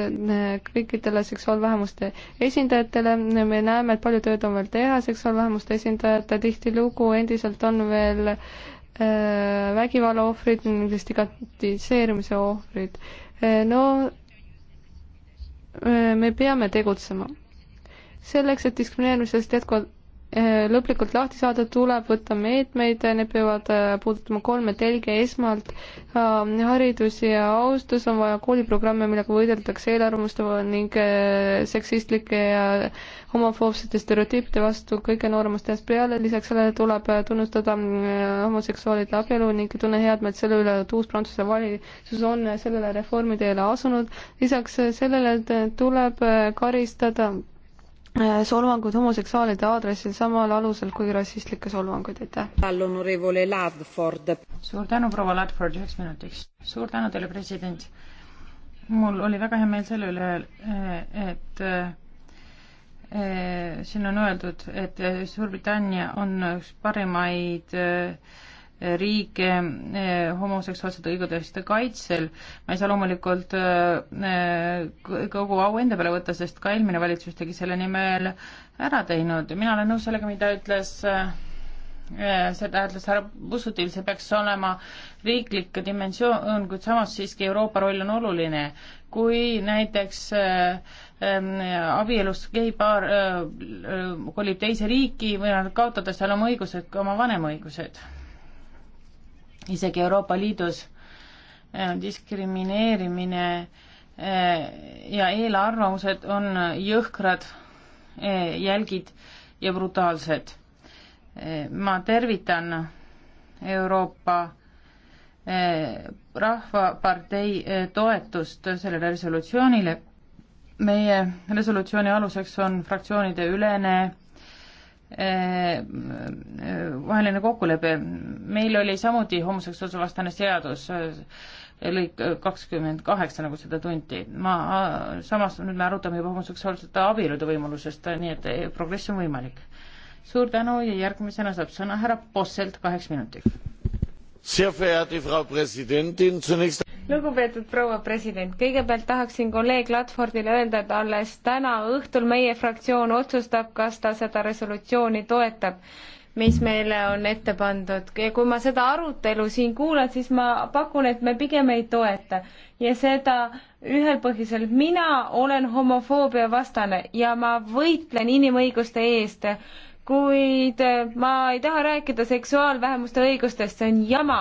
kõikidele seksuaalvähemuste esindajatele, me näeme, et palju tööd on veel teha seksuaalvähemuste esindajate, tihtilugu endiselt on veel vägivalla ohvrid ning stigmatiseerimise ohvrid. no me peame tegutsema selleks, et diskrimineerimisest jätkuvalt äh, lõplikult lahti saada, tuleb võtta meetmeid, need peavad äh, puudutama kolme telge, esmalt äh, haridus ja austus, on vaja kooliprogramme, millega võideldakse eelarvamuste ning seksistlike ja homofoobsete stereotüüpide vastu kõige nooremast ajast peale, lisaks sellele tuleb tunnustada homoseksuaalide abielu ning tunne headmeelt selle üle, et uus Prantsuse valitsus on sellele reformi teele asunud, lisaks sellele tuleb karistada Äh, solvangud homoseksuaalide aadressil samal alusel kui rassistlikke solvanguid, aitäh. suur tänu, proua Ladford, üheks minutiks. suur tänu teile, president. mul oli väga hea meel selle üle, äh, et äh, siin on öeldud, et Suurbritannia on üks parimaid äh, riike eh, homoseksuaalsete õiguste kaitsel. ma ei saa loomulikult eh, kogu au enda peale võtta, sest ka eelmine valitsus tegi selle nimel ära teinud ja mina olen nõus sellega, mida ütles eh, seda ütles härra Bussutil, see peaks olema riiklik dimensioon, kuid samas siiski Euroopa roll on oluline. kui näiteks äh, ähm, abielus geipaar äh, kolib teise riiki või nad kaotada seal oma õigused, oma vanema õigused isegi Euroopa Liidus eh, diskrimineerimine eh, ja eelarvamused on jõhkrad eh, jälgid ja brutaalsed. ma tervitan Euroopa Rahvapartei toetust sellele resolutsioonile. meie resolutsiooni aluseks on fraktsioonide ülene vaheline kokkulepe. meil oli samuti homoseksuaalsuvastane seadus, eh, lõik kakskümmend kaheksa, nagu seda tunti. ma, samas nüüd me arutame juba homoseksuaalsete abielude võimalusest, nii et eh, progress on võimalik. suur tänu ja järgmisena saab sõna härra Posselt kaheks minutiks lugupeetud proua president, kõigepealt tahaksin kolleeg Ladfordile öelda, et alles täna õhtul meie fraktsioon otsustab, kas ta seda resolutsiooni toetab, mis meile on ette pandud ja kui ma seda arutelu siin kuulan, siis ma pakun, et me pigem ei toeta ja seda ühel põhjusel, mina olen homofoobia vastane ja ma võitlen inimõiguste eest kuid ma ei taha rääkida seksuaalvähemuste õigustest, see on jama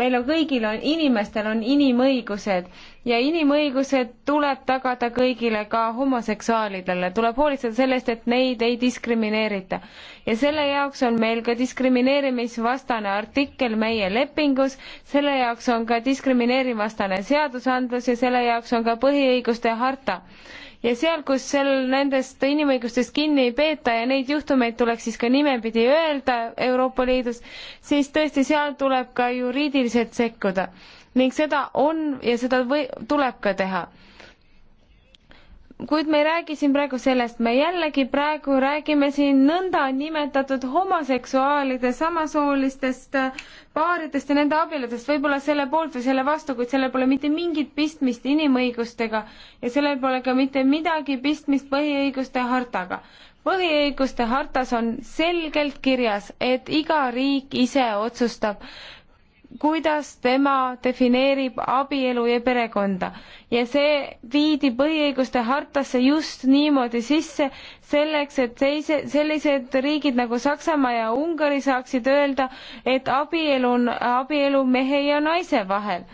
meil on kõigil on, inimestel on inimõigused ja inimõigused tuleb tagada kõigile, ka homoseksuaalidele, tuleb hoolitseda selle eest, et neid ei diskrimineerita. ja selle jaoks on meil ka diskrimineerimisvastane artikkel meie lepingus, selle jaoks on ka diskrimineerivastane seadusandlus ja selle jaoks on ka põhiõiguste harta ja seal, kus seal nendest inimõigustest kinni ei peeta ja neid juhtumeid tuleks siis ka nimepidi öelda Euroopa Liidus, siis tõesti seal tuleb ka juriidiliselt sekkuda ning seda on ja seda või tuleb ka teha kuid me ei räägi siin praegu sellest, me jällegi praegu räägime siin nõndanimetatud homoseksuaalide, samasoolistest äh, paaridest ja nende abieludest, võib-olla selle poolt või selle vastu, kuid sellel pole mitte mingit pistmist inimõigustega ja sellel pole ka mitte midagi pistmist põhiõiguste hartaga. põhiõiguste hartas on selgelt kirjas, et iga riik ise otsustab, kuidas tema defineerib abielu ja perekonda. ja see viidi põhiõiguste hartasse just niimoodi sisse, selleks et seise, sellised riigid nagu Saksamaa ja Ungari saaksid öelda, et abielu on abielu mehe ja naise vahel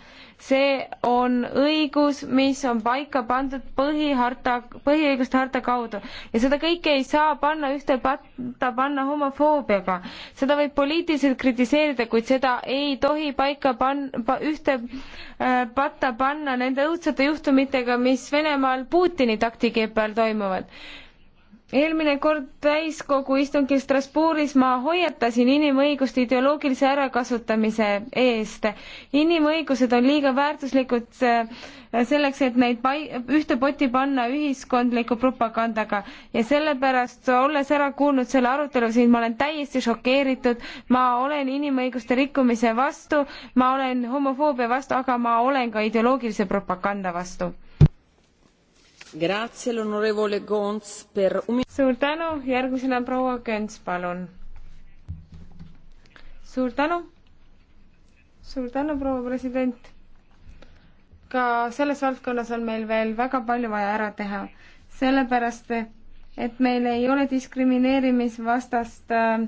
see on õigus, mis on paika pandud põhiharta, põhiõiguste harta kaudu ja seda kõike ei saa panna ühte patta panna homofoobiaga. seda võib poliitiliselt kritiseerida, kuid seda ei tohi paika panna pa,, ühte äh, patta panna nende õudsate juhtumitega, mis Venemaal Putini taktikeepe all toimuvad eelmine kord täiskogu istungil Strasbourgis ma hoiatasin inimõiguste ideoloogilise ärakasutamise eest. inimõigused on liiga väärtuslikud äh, selleks, et neid pai-, ühte potti panna ühiskondliku propagandaga ja sellepärast, olles ära kuulnud selle arutelu siin, ma olen täiesti šokeeritud, ma olen inimõiguste rikkumise vastu, ma olen homofoobia vastu, aga ma olen ka ideoloogilise propaganda vastu Per... suur tänu, järgmisena proua Kents, palun. suur tänu. suur tänu, proua president. ka selles valdkonnas on meil veel väga palju vaja ära teha, sellepärast et meil ei ole diskrimineerimisvastast äh,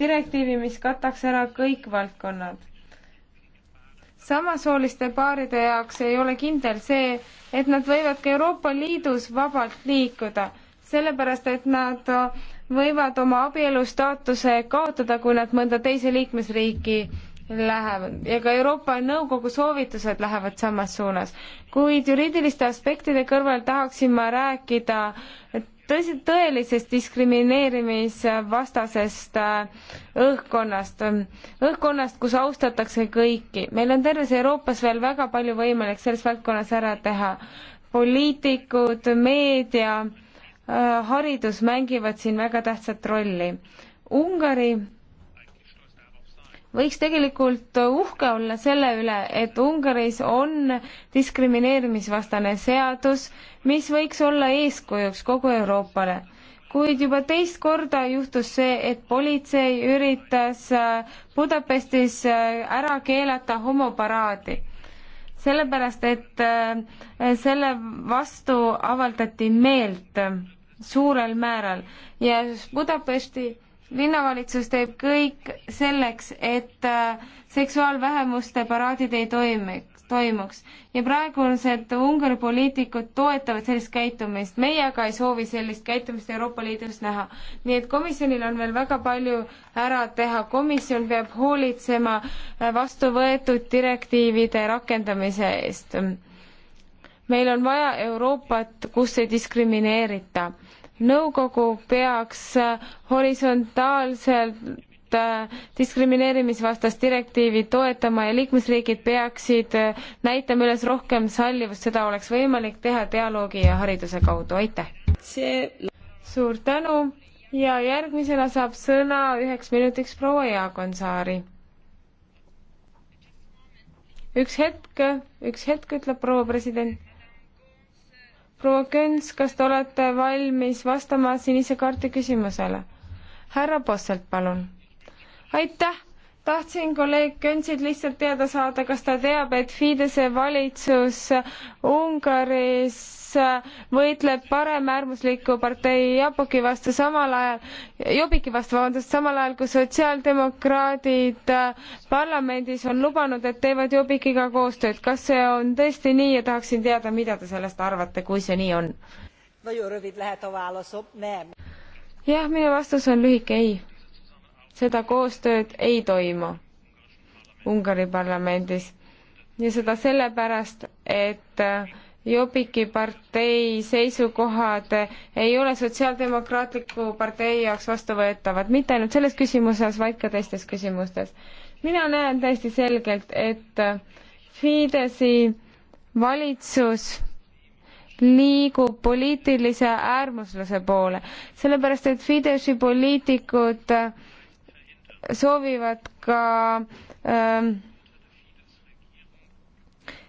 direktiivi, mis kataks ära kõik valdkonnad samasooliste paaride jaoks ei ole kindel see, et nad võivad ka Euroopa Liidus vabalt liikuda, sellepärast et nad võivad oma abielustaatuse kaotada, kui nad mõnda teise liikmesriiki lähevad ja ka Euroopa Nõukogu soovitused lähevad samas suunas. kuid juriidiliste aspektide kõrval tahaksin ma rääkida tõsi, tõelisest diskrimineerimisvastasest äh, õhkkonnast, õhkkonnast, kus austatakse kõiki. meil on terves Euroopas veel väga palju võimalik selles valdkonnas ära teha. poliitikud, meedia, äh, haridus mängivad siin väga tähtsat rolli. Ungari võiks tegelikult uhke olla selle üle, et Ungaris on diskrimineerimisvastane seadus, mis võiks olla eeskujuks kogu Euroopale. kuid juba teist korda juhtus see, et politsei üritas äh, Budapestis äh, ära keelata homoparaadi. sellepärast, et äh, selle vastu avaldati meelt suurel määral ja Budapesti linnavalitsus teeb kõik selleks, et äh, seksuaalvähemuste paraadid ei toimiks, toimuks. ja praegused Ungari poliitikud toetavad sellist käitumist, meie aga ei soovi sellist käitumist Euroopa Liidus näha. nii et komisjonil on veel väga palju ära teha, komisjon peab hoolitsema äh, vastu võetud direktiivide rakendamise eest. meil on vaja Euroopat, kus ei diskrimineerita nõukogu peaks horisontaalselt äh, diskrimineerimisvastast direktiivi toetama ja liikmesriigid peaksid äh, näitama üles rohkem sallivust, seda oleks võimalik teha dialoogi ja hariduse kaudu, aitäh! see suur tänu ja järgmisena saab sõna üheks minutiks proua Jaagonsaari. üks hetk, üks hetk, ütleb proua president proua Köns, kas te olete valmis vastama sinise kaarti küsimusele? härra Posselt, palun. aitäh, tahtsin kolleeg Könsilt lihtsalt teada saada, kas ta teab, et Fidese valitsus Ungaris Äh, võitleb paremäärmusliku partei Japoki vastu samal ajal, Jobiki vastu, vabandust, samal ajal kui sotsiaaldemokraadid äh, parlamendis on lubanud, et teevad Jobikiga koostööd. kas see on tõesti nii ja tahaksin teada, mida te sellest arvate, kui see nii on? jah, minu vastus on lühike ei. seda koostööd ei toimu Ungari parlamendis ja seda sellepärast, et äh, Jobiki partei seisukohad ei ole Sotsiaaldemokraatliku partei jaoks vastuvõetavad, mitte ainult selles küsimuses, vaid ka teistes küsimustes. mina näen täiesti selgelt, et Fidesi valitsus liigub poliitilise äärmusluse poole, sellepärast et Fidesi poliitikud soovivad ka ähm,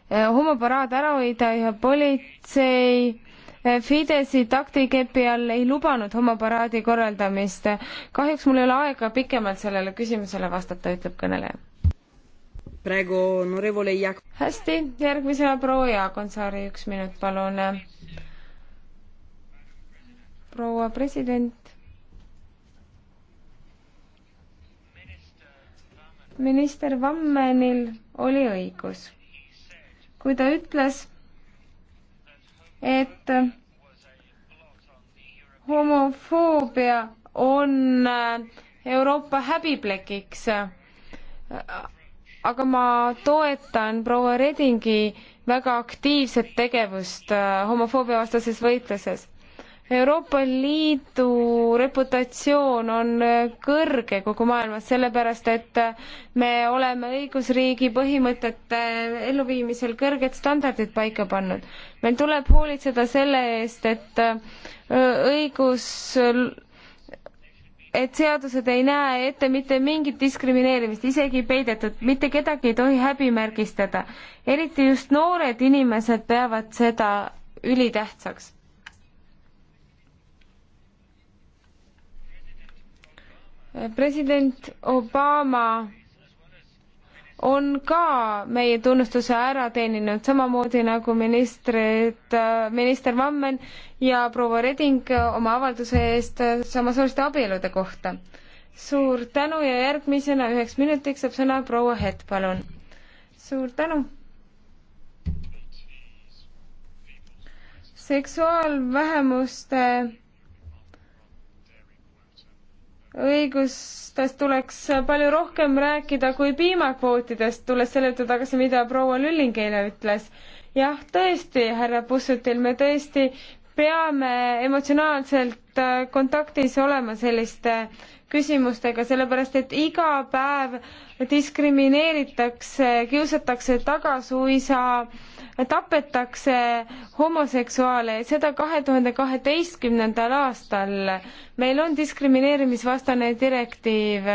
Eh, homoparaad ära hoida ja politsei eh, Fidesi taktikepi all ei lubanud homoparaadi korraldamist. kahjuks mul ei ole aega pikemalt sellele küsimusele vastata, ütleb kõneleja. praegu Norevole Jak-. hästi, järgmisena proua Jaagonsaari, üks minut, palun. proua president. minister Vammenil oli õigus kui ta ütles, et homofoobia on äh, Euroopa häbiplekiks. aga ma toetan proua Redingi väga aktiivset tegevust äh, homofoobiavastases võitluses Euroopa Liidu reputatsioon on kõrge kogu maailmas, sellepärast et me oleme õigusriigi põhimõtete elluviimisel kõrged standardid paika pannud. meil tuleb hoolitseda selle eest, et õigus, et seadused ei näe ette mitte mingit diskrimineerimist, isegi peidetud, mitte kedagi ei tohi häbimärgistada. eriti just noored inimesed peavad seda ülitähtsaks president Obama on ka meie tunnustuse ära teeninud, samamoodi nagu ministrid, minister Vammen ja proua Reding oma avalduse eest samasooliste abielude kohta. suur tänu ja järgmisena üheks minutiks saab sõna proua Hett, palun. suur tänu. seksuaalvähemuste õigustest tuleks palju rohkem rääkida kui piimakvootidest, tulles selle juurde tagasi, mida proua Lülling eile ütles. jah, tõesti, härra Pussutil, me tõesti peame emotsionaalselt äh, kontaktis olema selliste küsimustega, sellepärast et iga päev diskrimineeritakse, kiusatakse taga suisa äh, tapetakse homoseksuaale ja seda kahe tuhande kaheteistkümnendal aastal. meil on diskrimineerimisvastane direktiiv,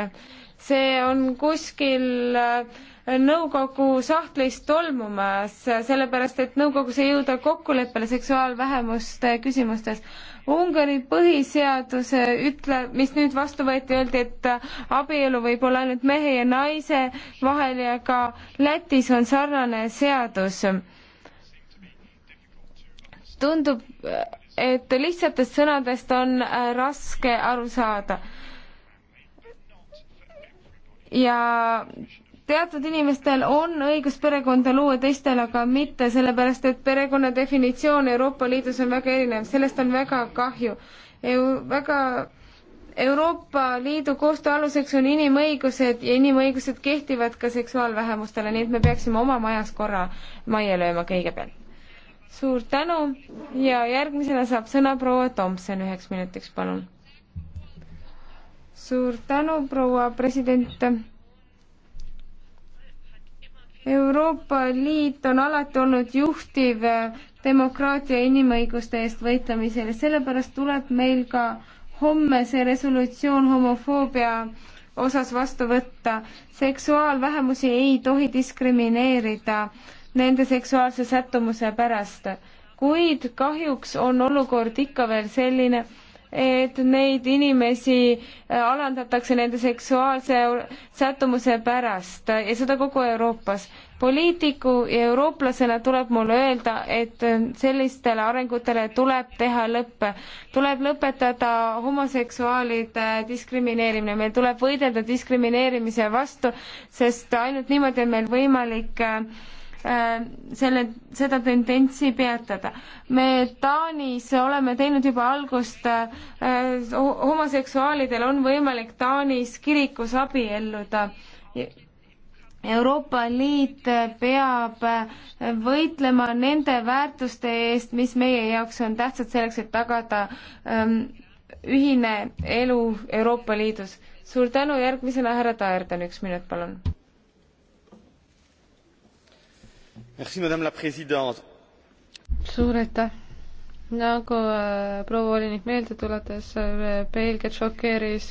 see on kuskil äh, nõukogu sahtlis tolmumas, sellepärast et nõukogus ei jõuda kokkuleppele seksuaalvähemuste küsimustes. Ungari põhiseaduse ütle, mis nüüd vastu võeti, öeldi, et äh, abielu võib olla ainult mehe ja naise vahel ja ka Lätis on sarnane seadus tundub, et lihtsatest sõnadest on äh, raske aru saada. ja teatud inimestel on õigus perekonda luua, teistel aga mitte, sellepärast et perekonna definitsioon Euroopa Liidus on väga erinev, sellest on väga kahju. väga Euroopa Liidu koostöö aluseks on inimõigused ja inimõigused kehtivad ka seksuaalvähemustele, nii et me peaksime oma majas korra majja lööma kõigepealt suur tänu ja järgmisena saab sõna proua Tomson üheks minutiks, palun. suur tänu, proua president. Euroopa Liit on alati olnud juhtiv äh, demokraatia ja inimõiguste eest võitlemisel ja sellepärast tuleb meil ka homme see resolutsioon homofoobia osas vastu võtta. seksuaalvähemusi ei tohi diskrimineerida äh, nende seksuaalse sättumuse pärast. kuid kahjuks on olukord ikka veel selline, et neid inimesi äh, alandatakse nende seksuaalse sättumuse pärast ja seda kogu Euroopas. poliitiku ja eurooplasena tuleb mulle öelda, et äh, sellistele arengutele tuleb teha lõppe. tuleb lõpetada homoseksuaalide diskrimineerimine, meil tuleb võidelda diskrimineerimise vastu, sest ainult niimoodi on meil võimalik äh, Äh, selle, seda tendentsi peatada. me Taanis oleme teinud juba algust, äh, homoseksuaalidel on võimalik Taanis kirikus abielluda. Euroopa Liit peab võitlema nende väärtuste eest, mis meie jaoks on tähtsad selleks, et tagada ähm, ühine elu Euroopa Liidus. suur tänu, järgmisena härra Taerdan, üks minut, palun suur aitäh! nagu äh, proua volinik meelde tuletas, äh, Belgiat šokeeris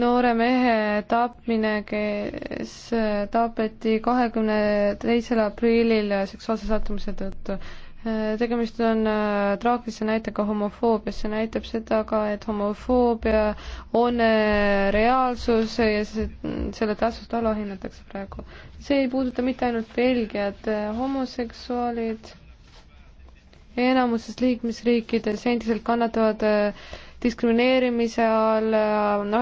noore mehe tapmine, kes äh, tapeti kahekümne teisel aprillil seksuaalse sattumuse tõttu Äh, tegemist on äh, traagilise näitega homofoobias, see näitab seda ka, et homofoobia on äh, reaalsus ja see, selle tähtsust alahinnatakse praegu. see ei puuduta mitte ainult Belgiat, homoseksuaalid enamuses liikmesriikides endiselt kannatavad diskrimineerimise all,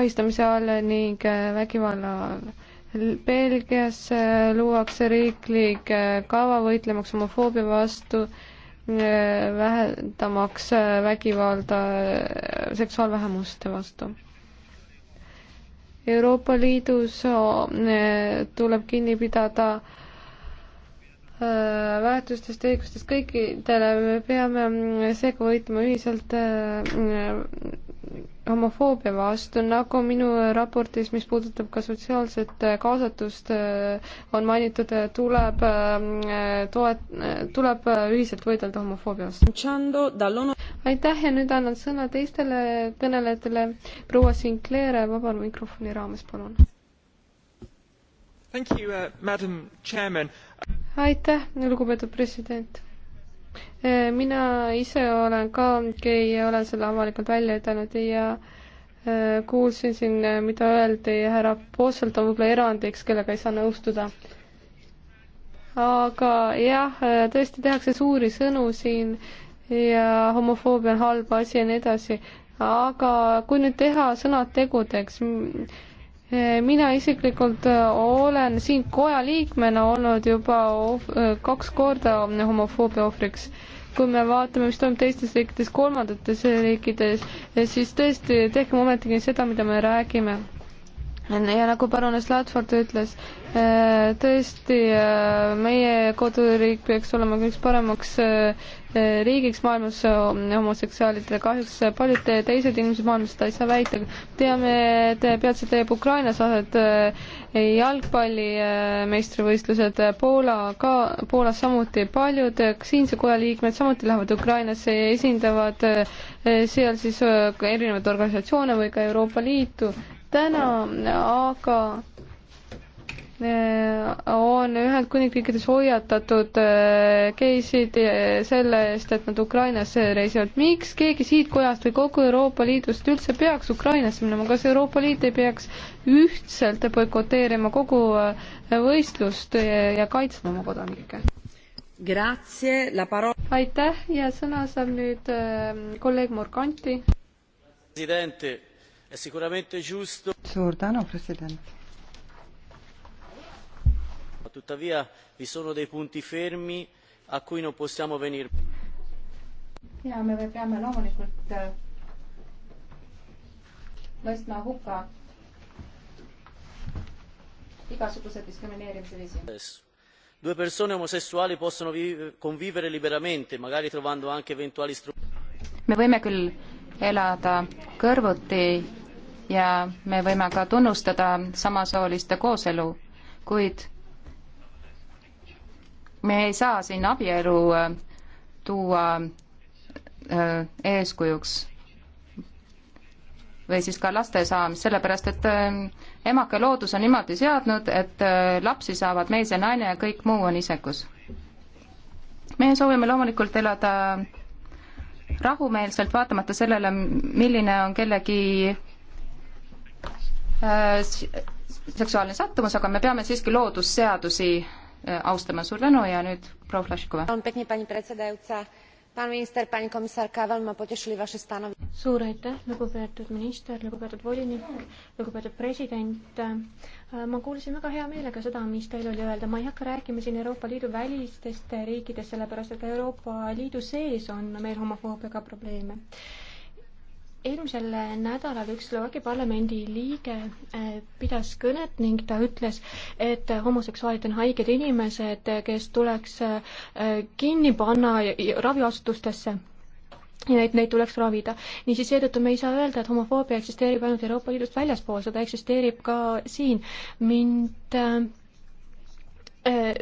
ahistamise all ning vägivalla all Belgias äh, luuakse riiklik äh, kava võitlemaks homofoobia vastu, äh, vähendamaks vägivalda seksuaalvähemuste vastu. Euroopa Liidus tuleb kinni pidada väärtustest ja õigustest kõikidele, me peame mm, seega võitlema ühiselt homofoobia vastu, nagu minu raportis, mis puudutab ka sotsiaalset kaasatust, on mainitud, tuleb toet-, tuleb ühiselt võidelda homofoobia vastu. aitäh ja nüüd annan sõna teistele kõnelejatele. proua Sinclair vaba mikrofoni raames, palun. Uh, aitäh, lugupeetud president Äh, mina ise olen ka gei ja olen selle avalikult välja ütelnud ja äh, kuulsin siin, äh, mida öeldi härra Posselt on võib-olla erandiks, kellega ei saa nõustuda. aga jah, tõesti tehakse suuri sõnu siin ja homofoobia on halb asi ja nii edasi. aga kui nüüd teha sõnad tegudeks, Eh, mina isiklikult eh, olen siin koja liikmena olnud juba eh, kaks korda homofoobia ohvriks. kui me vaatame, mis toimub teistes riikides, kolmandates riikides, siis tõesti tehkem ometigi seda, mida me räägime. ja nagu parunes Ladford ütles, tõesti meie koduriik peaks olema üks paremaks riigiks maailmas homoseksuaalidele, kahjuks paljud teised inimesed maailmas seda ei saa väita. teame, et peatselt leiab Ukrainas aset äh, jalgpalli meistrivõistlused Poola ka, Poolas samuti paljud siinse koja liikmed samuti lähevad Ukrainasse ja esindavad äh, seal siis äh, erinevaid organisatsioone või ka Euroopa Liitu. täna aga Äh, on Ühendkuningriikides hoiatatud geisid äh, äh, selle eest, et nad Ukrainasse reisivad. miks keegi siit kojast või kogu Euroopa Liidust üldse peaks Ukrainasse minema, kas Euroopa Liit ei peaks ühtselt boikoteerima kogu võistlust ja kaitsma oma kodanikke? aitäh ja sõna saab nüüd kolleeg Morganti. suur tänu, president ma tuttavia vi sono dei punti fermi a cui non possiamo venir. ja me peame loomulikult äh, mõistma hukka igasuguse diskrimineerimise viisi. Due persone omosessuali possono convivere liberamente, magari trovando anche eventuali me võime küll elada kõrvuti ja me võime ka tunnustada samasooliste kooselu, kuid me ei saa siin abielu äh, tuua äh, eeskujuks või siis ka laste saamist, sellepärast et äh, emake loodus on niimoodi seadnud, et lapsi saavad mees ja naine ja kõik muu on isekus. meie soovime loomulikult elada rahumeelselt, vaatamata sellele, milline on kellegi seksuaalne sattumus, aga me peame siiski loodusseadusi Äh, austama. suur tänu ja nüüd proua Flašikova. suur aitäh, lugupeetud minister, lugupeetud volinik, lugupeetud president. Äh, ma kuulsin väga hea meelega seda, mis teil oli öelda, ma ei hakka rääkima siin Euroopa Liidu välistest riikidest, sellepärast et Euroopa Liidu sees on meil homofoobiaga probleeme eelmisel nädalal üks Slovakkia parlamendi liige äh, pidas kõnet ning ta ütles, et homoseksuaalid on haiged inimesed, kes tuleks äh, kinni panna raviasutustesse ja et neid tuleks ravida. niisiis seetõttu me ei saa öelda, et homofoobia eksisteerib ainult Euroopa Liidust väljaspool, seda eksisteerib ka siin. mind äh, Äh,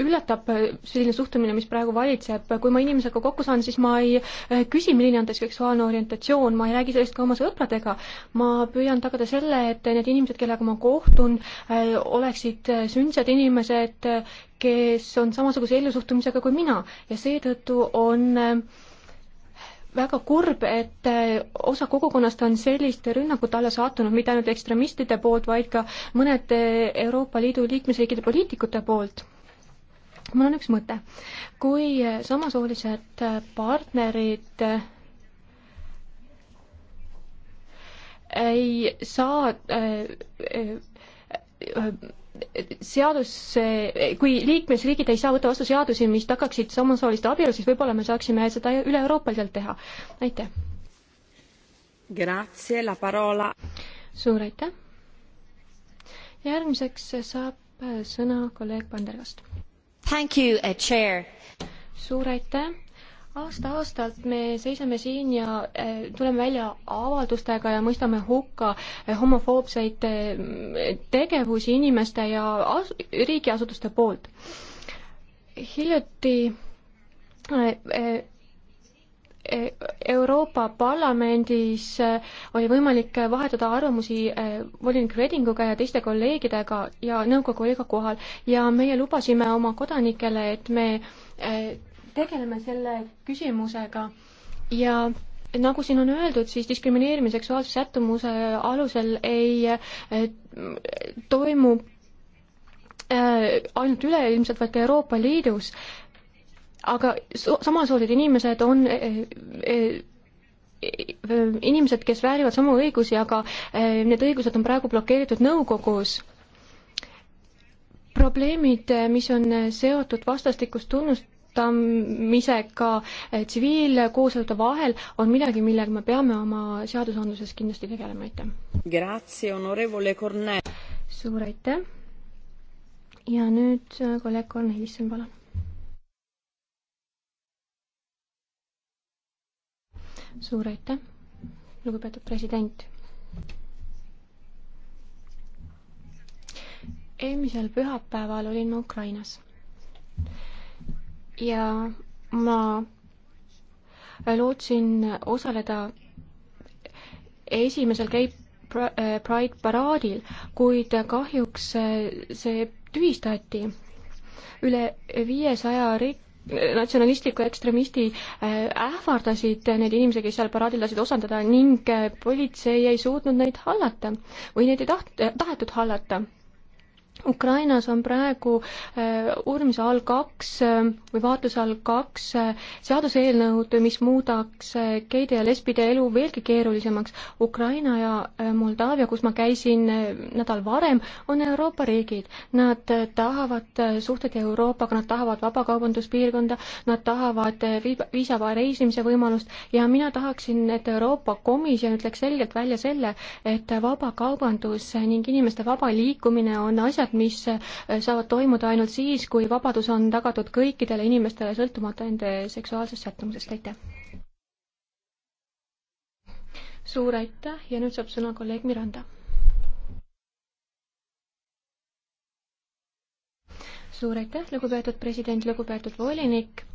üllatab äh, selline suhtumine, mis praegu valitseb, kui ma inimesega kokku saan, siis ma ei äh, küsi, milline on ta seksuaalne orientatsioon, ma ei räägi sellest ka oma sõpradega, ma püüan tagada selle, et need inimesed, kellega ma kohtun, oleksid sündsad inimesed, kes on samasuguse ellusuhtumisega kui mina ja seetõttu on äh, väga kurb, et eh, osa kogukonnast on selliste rünnakute alla sattunud mitte ainult ekstremistide poolt, vaid ka mõnede Euroopa Liidu liikmesriikide poliitikute poolt. mul on üks mõte. kui samasoolised partnerid ei saa äh, äh, äh, seaduse, kui liikmesriigid ei saa võtta vastu seadusi, mis tagaksid samasooliste abielu, siis võib-olla me saaksime seda üle-euroopaliselt teha. aitäh! Grazie, la parola! suur aitäh! järgmiseks saab sõna kolleeg Pandergast. Thank you, eh, chair! suur aitäh! aasta-aastalt me seisame siin ja äh, tuleme välja avaldustega ja mõistame hukka äh, homofoobseid äh, tegevusi inimeste ja as-, riigiasutuste poolt. hiljuti Euroopa Parlamendis oli võimalik vahetada arvamusi volinik Redinguga ja teiste kolleegidega ja nõukogu oli ka kohal ja meie lubasime oma kodanikele, et me tegeleme selle küsimusega ja nagu siin on öeldud, siis diskrimineerimine seksuaalse sättumuse alusel ei eh, toimu eh, ainult üleilmselt, vaid ka Euroopa Liidus. aga samasoolised inimesed on eh, inimesed, kes väärivad samu õigusi, aga need õigused on praegu blokeeritud nõukogus probleemid, mis on seotud vastastikust tunnust, kasutamisega eh, tsiviilkoosolekute vahel on midagi, millega me peame oma seadusandluses kindlasti tegelema, aitäh. suur aitäh. ja nüüd eh, kolleeg Kornelisson, palun. suur aitäh, lugupeetud president eelmisel pühapäeval olin ma Ukrainas ja ma lootsin osaleda esimesel Gay äh, Pride paraadil, kuid kahjuks äh, see tühistati. üle viiesaja rik-, natsionalistliku ekstremisti äh, ähvardasid neid inimesi, kes seal paraadil lasid osandada ning politsei ei suutnud neid hallata või neid ei taht-, tahetud hallata. Ukrainas on praegu äh, uurimise all kaks äh, või vaatluse all kaks äh, seaduseelnõud, mis muudaks geide ja lesbide elu veelgi keerulisemaks. Ukraina ja Moldaavia, kus ma käisin nädal varem, on Euroopa riigid. Nad tahavad suhteid Euroopaga, nad tahavad vabakaubanduspiirkonda, nad tahavad viisava reisimise võimalust ja mina tahaksin, et Euroopa Komisjon ütleks selgelt välja selle, et vabakaubandus ning inimeste vaba liikumine on asjad, asjad, mis äh, saavad toimuda ainult siis, kui vabadus on tagatud kõikidele inimestele, sõltumata nende seksuaalsest sättumusest, aitäh! suur aitäh ja nüüd saab sõna kolleeg Miranda. suur aitäh, lugupeetud president, lugupeetud volinik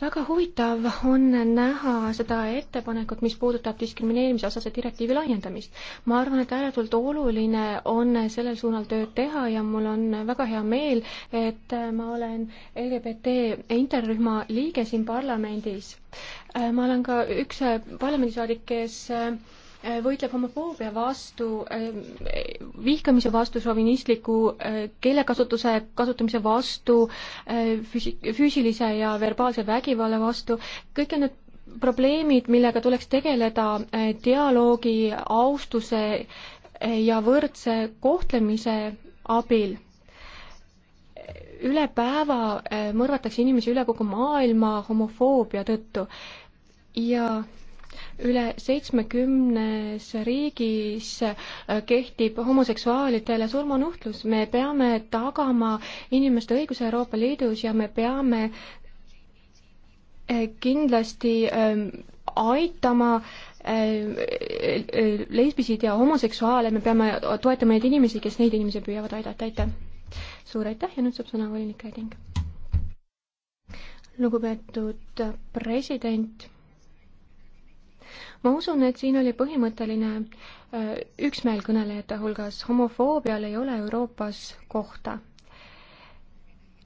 väga huvitav on näha seda ettepanekut, mis puudutab diskrimineerimise osas direktiivi laiendamist. ma arvan, et ääretult oluline on sellel suunal tööd teha ja mul on väga hea meel, et ma olen LGBT interrühma liige siin parlamendis. Äh, ma olen ka üks äh, parlamendisaadik, kes äh, võitleb homofoobia vastu, vihkamise vastu, šovinistliku äh, keelekasutuse kasutamise vastu, äh, füüsi-, füüsilise ja verbaalse vägivalla vastu, kõik on need probleemid, millega tuleks tegeleda äh, dialoogi, austuse ja võrdse kohtlemise abil üle päeva mõrvatakse inimesi üle kogu maailma homofoobia tõttu ja üle seitsmekümnes riigis äh, kehtib homoseksuaalidele surmanuhtlus. me peame tagama inimeste õiguse Euroopa Liidus ja me peame äh, kindlasti ähm, aitama äh, lesbisid ja homoseksuaale, me peame toetama neid inimesi, kes neid inimesi püüavad aidata, aitäh! suur aitäh ja nüüd saab sõna volinik Reding. lugupeetud president ma usun, et siin oli põhimõtteline äh, üksmeel kõnelejate hulgas, homofoobial ei ole Euroopas kohta.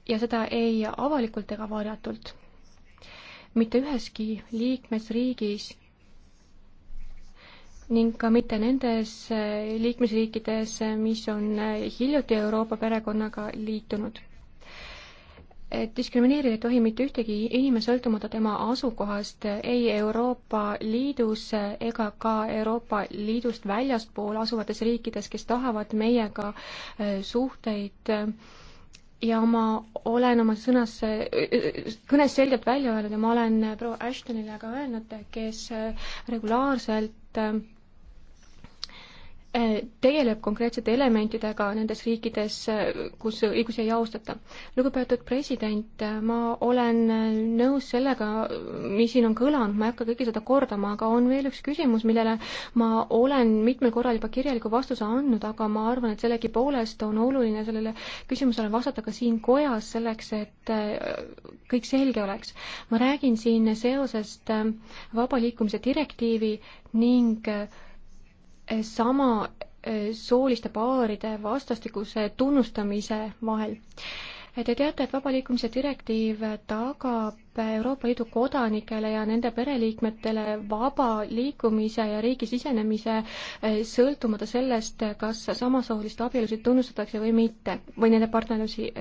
ja seda ei avalikult ega varjatult. mitte üheski liikmesriigis ning ka mitte nendes äh, liikmesriikides, äh, mis on hiljuti Euroopa perekonnaga liitunud et diskrimineerida ei tohi mitte ühtegi inimest sõltumata tema asukohast ei Euroopa Liidus ega ka Euroopa Liidust väljaspool asuvates riikides, kes tahavad meiega äh, suhteid ja ma olen oma sõnas, äh, äh, kõnes selgelt välja öelnud ja ma olen proua Ashtonile ka öelnud, kes regulaarselt tegeleb konkreetsete elementidega nendes riikides, kus õigusi ei austata. lugupeetud president, ma olen nõus sellega, mis siin on kõlanud, ma ei hakka kõike seda kordama, aga on veel üks küsimus, millele ma olen mitmel korral juba kirjaliku vastuse andnud, aga ma arvan, et sellegipoolest on oluline sellele küsimusele vastata ka siin kojas, selleks et kõik selge oleks. ma räägin siin seosest vaba liikumise direktiivi ning sama eh, sooliste paaride vastastikuse tunnustamise vahel. Eh, te teate, et vaba liikumise direktiiv tagab Euroopa Liidu kodanikele ja nende pereliikmetele vaba liikumise ja riigi sisenemise eh, sõltumata sellest, kas samasooliste abielusid tunnustatakse või mitte või nende partnerlusi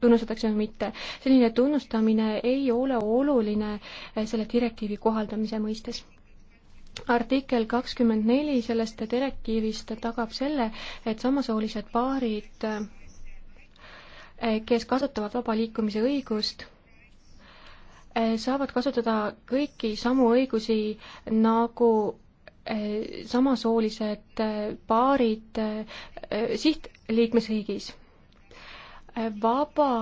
tunnustatakse või mitte. selline tunnustamine ei ole oluline selle direktiivi kohaldamise mõistes artikkel kakskümmend neli sellest direktiivist tagab selle, et samasoolised paarid, kes kasutavad vaba liikumise õigust, saavad kasutada kõiki samu õigusi nagu eh, samasoolised eh, paarid eh, sihtliikmesriigis. vaba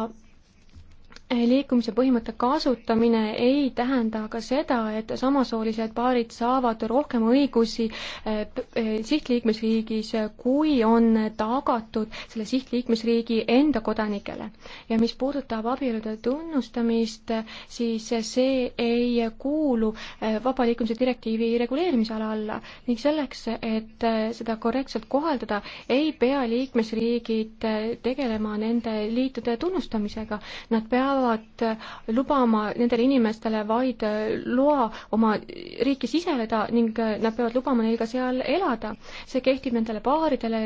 liikumise põhimõtte kasutamine ei tähenda aga seda, et samasoolised paarid saavad rohkem õigusi eh, eh, sihtliikmesriigis, kui on tagatud selle sihtliikmesriigi enda kodanikele. ja mis puudutab abielude tunnustamist, siis see ei kuulu eh, vaba liikumise direktiivi reguleerimisala alla ning selleks, et seda korrektselt kohaldada, ei pea liikmesriigid tegelema nende liitude tunnustamisega, nad peavad peavad lubama nendele inimestele vaid loa oma riiki siseneda ning nad peavad lubama neil ka seal elada. see kehtib nendele paaridele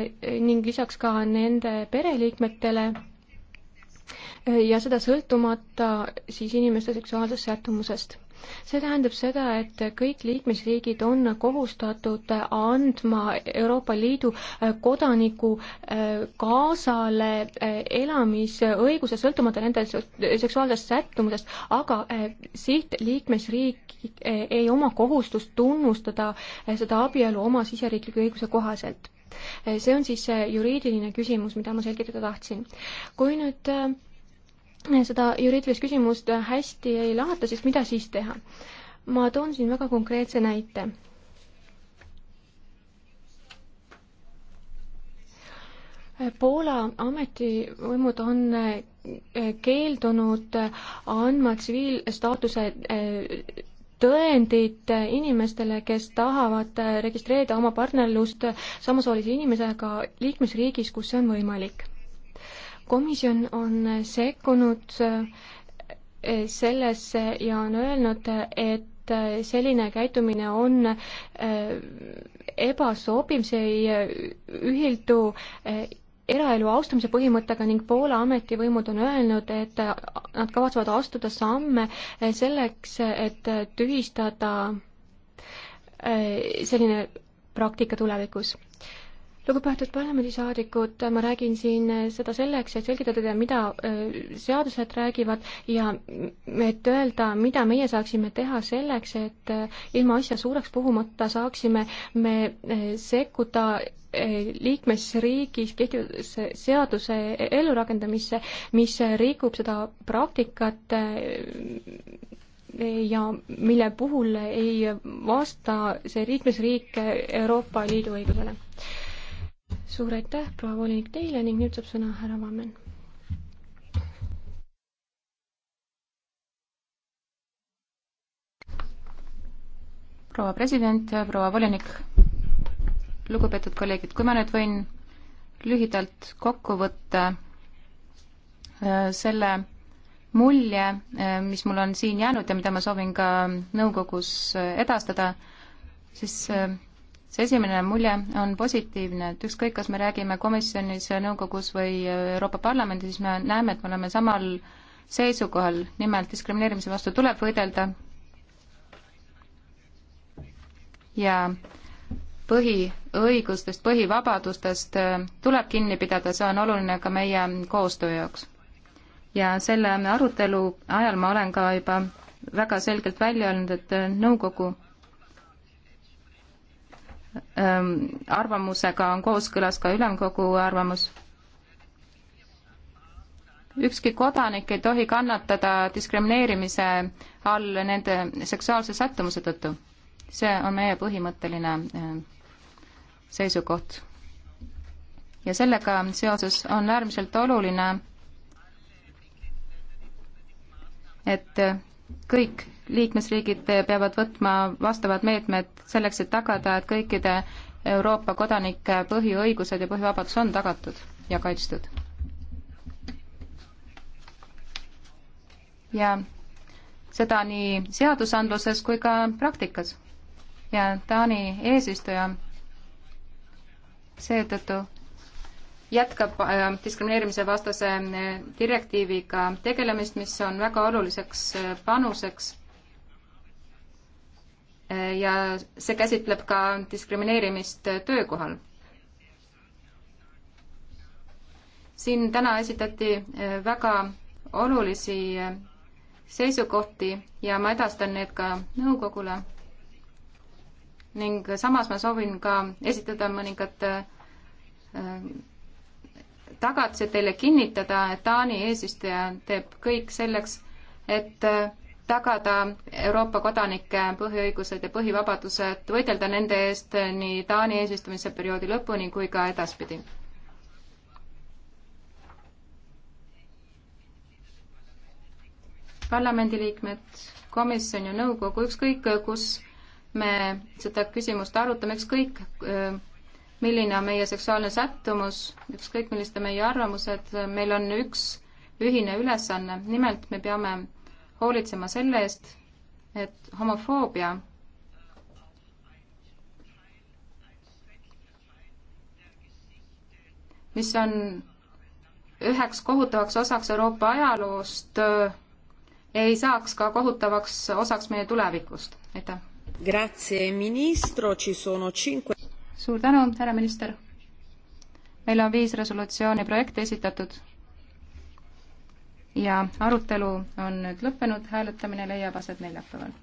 ning lisaks ka nende pereliikmetele ja seda sõltumata siis inimeste seksuaalsest sättumusest see tähendab seda, et kõik liikmesriigid on kohustatud andma Euroopa Liidu äh, kodaniku äh, kaasale äh, elamisõiguse, sõltumata nende seksuaalsest sättumusest, aga sihtliikmesriik ei oma kohustust tunnustada seda abielu oma siseriikliku õiguse kohaselt see on siis see juriidiline küsimus, mida ma selgitada tahtsin. kui nüüd seda juriidilist küsimust hästi ei lahata, siis mida siis teha? ma toon siin väga konkreetse näite. Poola ametivõimud on eh, keeldunud andma tsiviilstaatuse eh, tõendid inimestele, kes tahavad eh, registreerida oma partnerlust samasoolise inimesega liikmesriigis, kus see on võimalik komisjon on sekkunud eh, sellesse ja on öelnud, et eh, selline käitumine on eh, ebasobiv, see ei ühildu eraelu austamise põhimõttega ning Poola ametivõimud on öelnud, et nad kavatsevad astuda samme selleks, et tühistada selline praktika tulevikus lugupeetud parlamendisaadikud, ma räägin siin seda selleks, et selgitada teile, mida äh, seadused räägivad ja et öelda, mida meie saaksime teha selleks, et äh, ilma asja suureks puhumata saaksime me äh, sekkuda liikmesriigis kehtivas seaduse ellurakendamisse, mis rikub seda praktikat ja mille puhul ei vasta see liikmesriik Euroopa Liidu õigusele suur aitäh, proua volinik teile ning nüüd saab sõna härra Vammen. proua president, proua volinik, lugupeetud kolleegid, kui ma nüüd võin lühidalt kokku võtta äh, selle mulje, äh, mis mul on siin jäänud ja mida ma soovin ka nõukogus äh, edastada, siis see esimene mulje on positiivne, et ükskõik, kas me räägime komisjonis, nõukogus või Euroopa Parlamendis, siis me näeme, et me oleme samal seisukohal, nimelt diskrimineerimise vastu tuleb võidelda ja põhiõigustest, põhivabadustest tuleb kinni pidada, see on oluline ka meie koostöö jaoks. ja selle arutelu ajal ma olen ka juba väga selgelt välja öelnud, et nõukogu arvamusega on kooskõlas ka ülemkogu arvamus. ükski kodanik ei tohi kannatada diskrimineerimise all nende seksuaalse sättumuse tõttu. see on meie põhimõtteline seisukoht. ja sellega seoses on äärmiselt oluline, et kõik liikmesriigid peavad võtma vastavad meetmed selleks, et tagada, et kõikide Euroopa kodanike põhiõigused ja põhivabadus on tagatud ja kaitstud. ja seda nii seadusandluses kui ka praktikas. ja Taani eesistuja seetõttu jätkab äh, diskrimineerimise vastase äh, direktiiviga tegelemist, mis on väga oluliseks äh, panuseks ja see käsitleb ka diskrimineerimist töökohal. siin täna esitati eh, väga olulisi eh, seisukohti ja ma edastan need ka nõukogule. ning samas ma soovin ka esitada mõningad eh, tagatised teile kinnitada, et Taani eesistuja teeb kõik selleks, et tagada Euroopa kodanike põhiõigused ja põhivabadused, võidelda nende eest nii Taani eesistumise perioodi lõpuni kui ka edaspidi. parlamendiliikmed, komisjon ja nõukogu, ükskõik kus me seda küsimust arutame, ükskõik milline on meie seksuaalne sättumus, ükskõik millised on meie arvamused, meil on üks ühine ülesanne, nimelt me peame hoolitsema selle eest, et homofoobia mis on üheks kohutavaks osaks Euroopa ajaloost, äh, ei saaks ka kohutavaks osaks meie tulevikust. aitäh! Cinque... suur tänu, härra minister! meil on viis resolutsiooni projekti esitatud ja arutelu on nüüd lõppenud, hääletamine leiab aset neljapäeval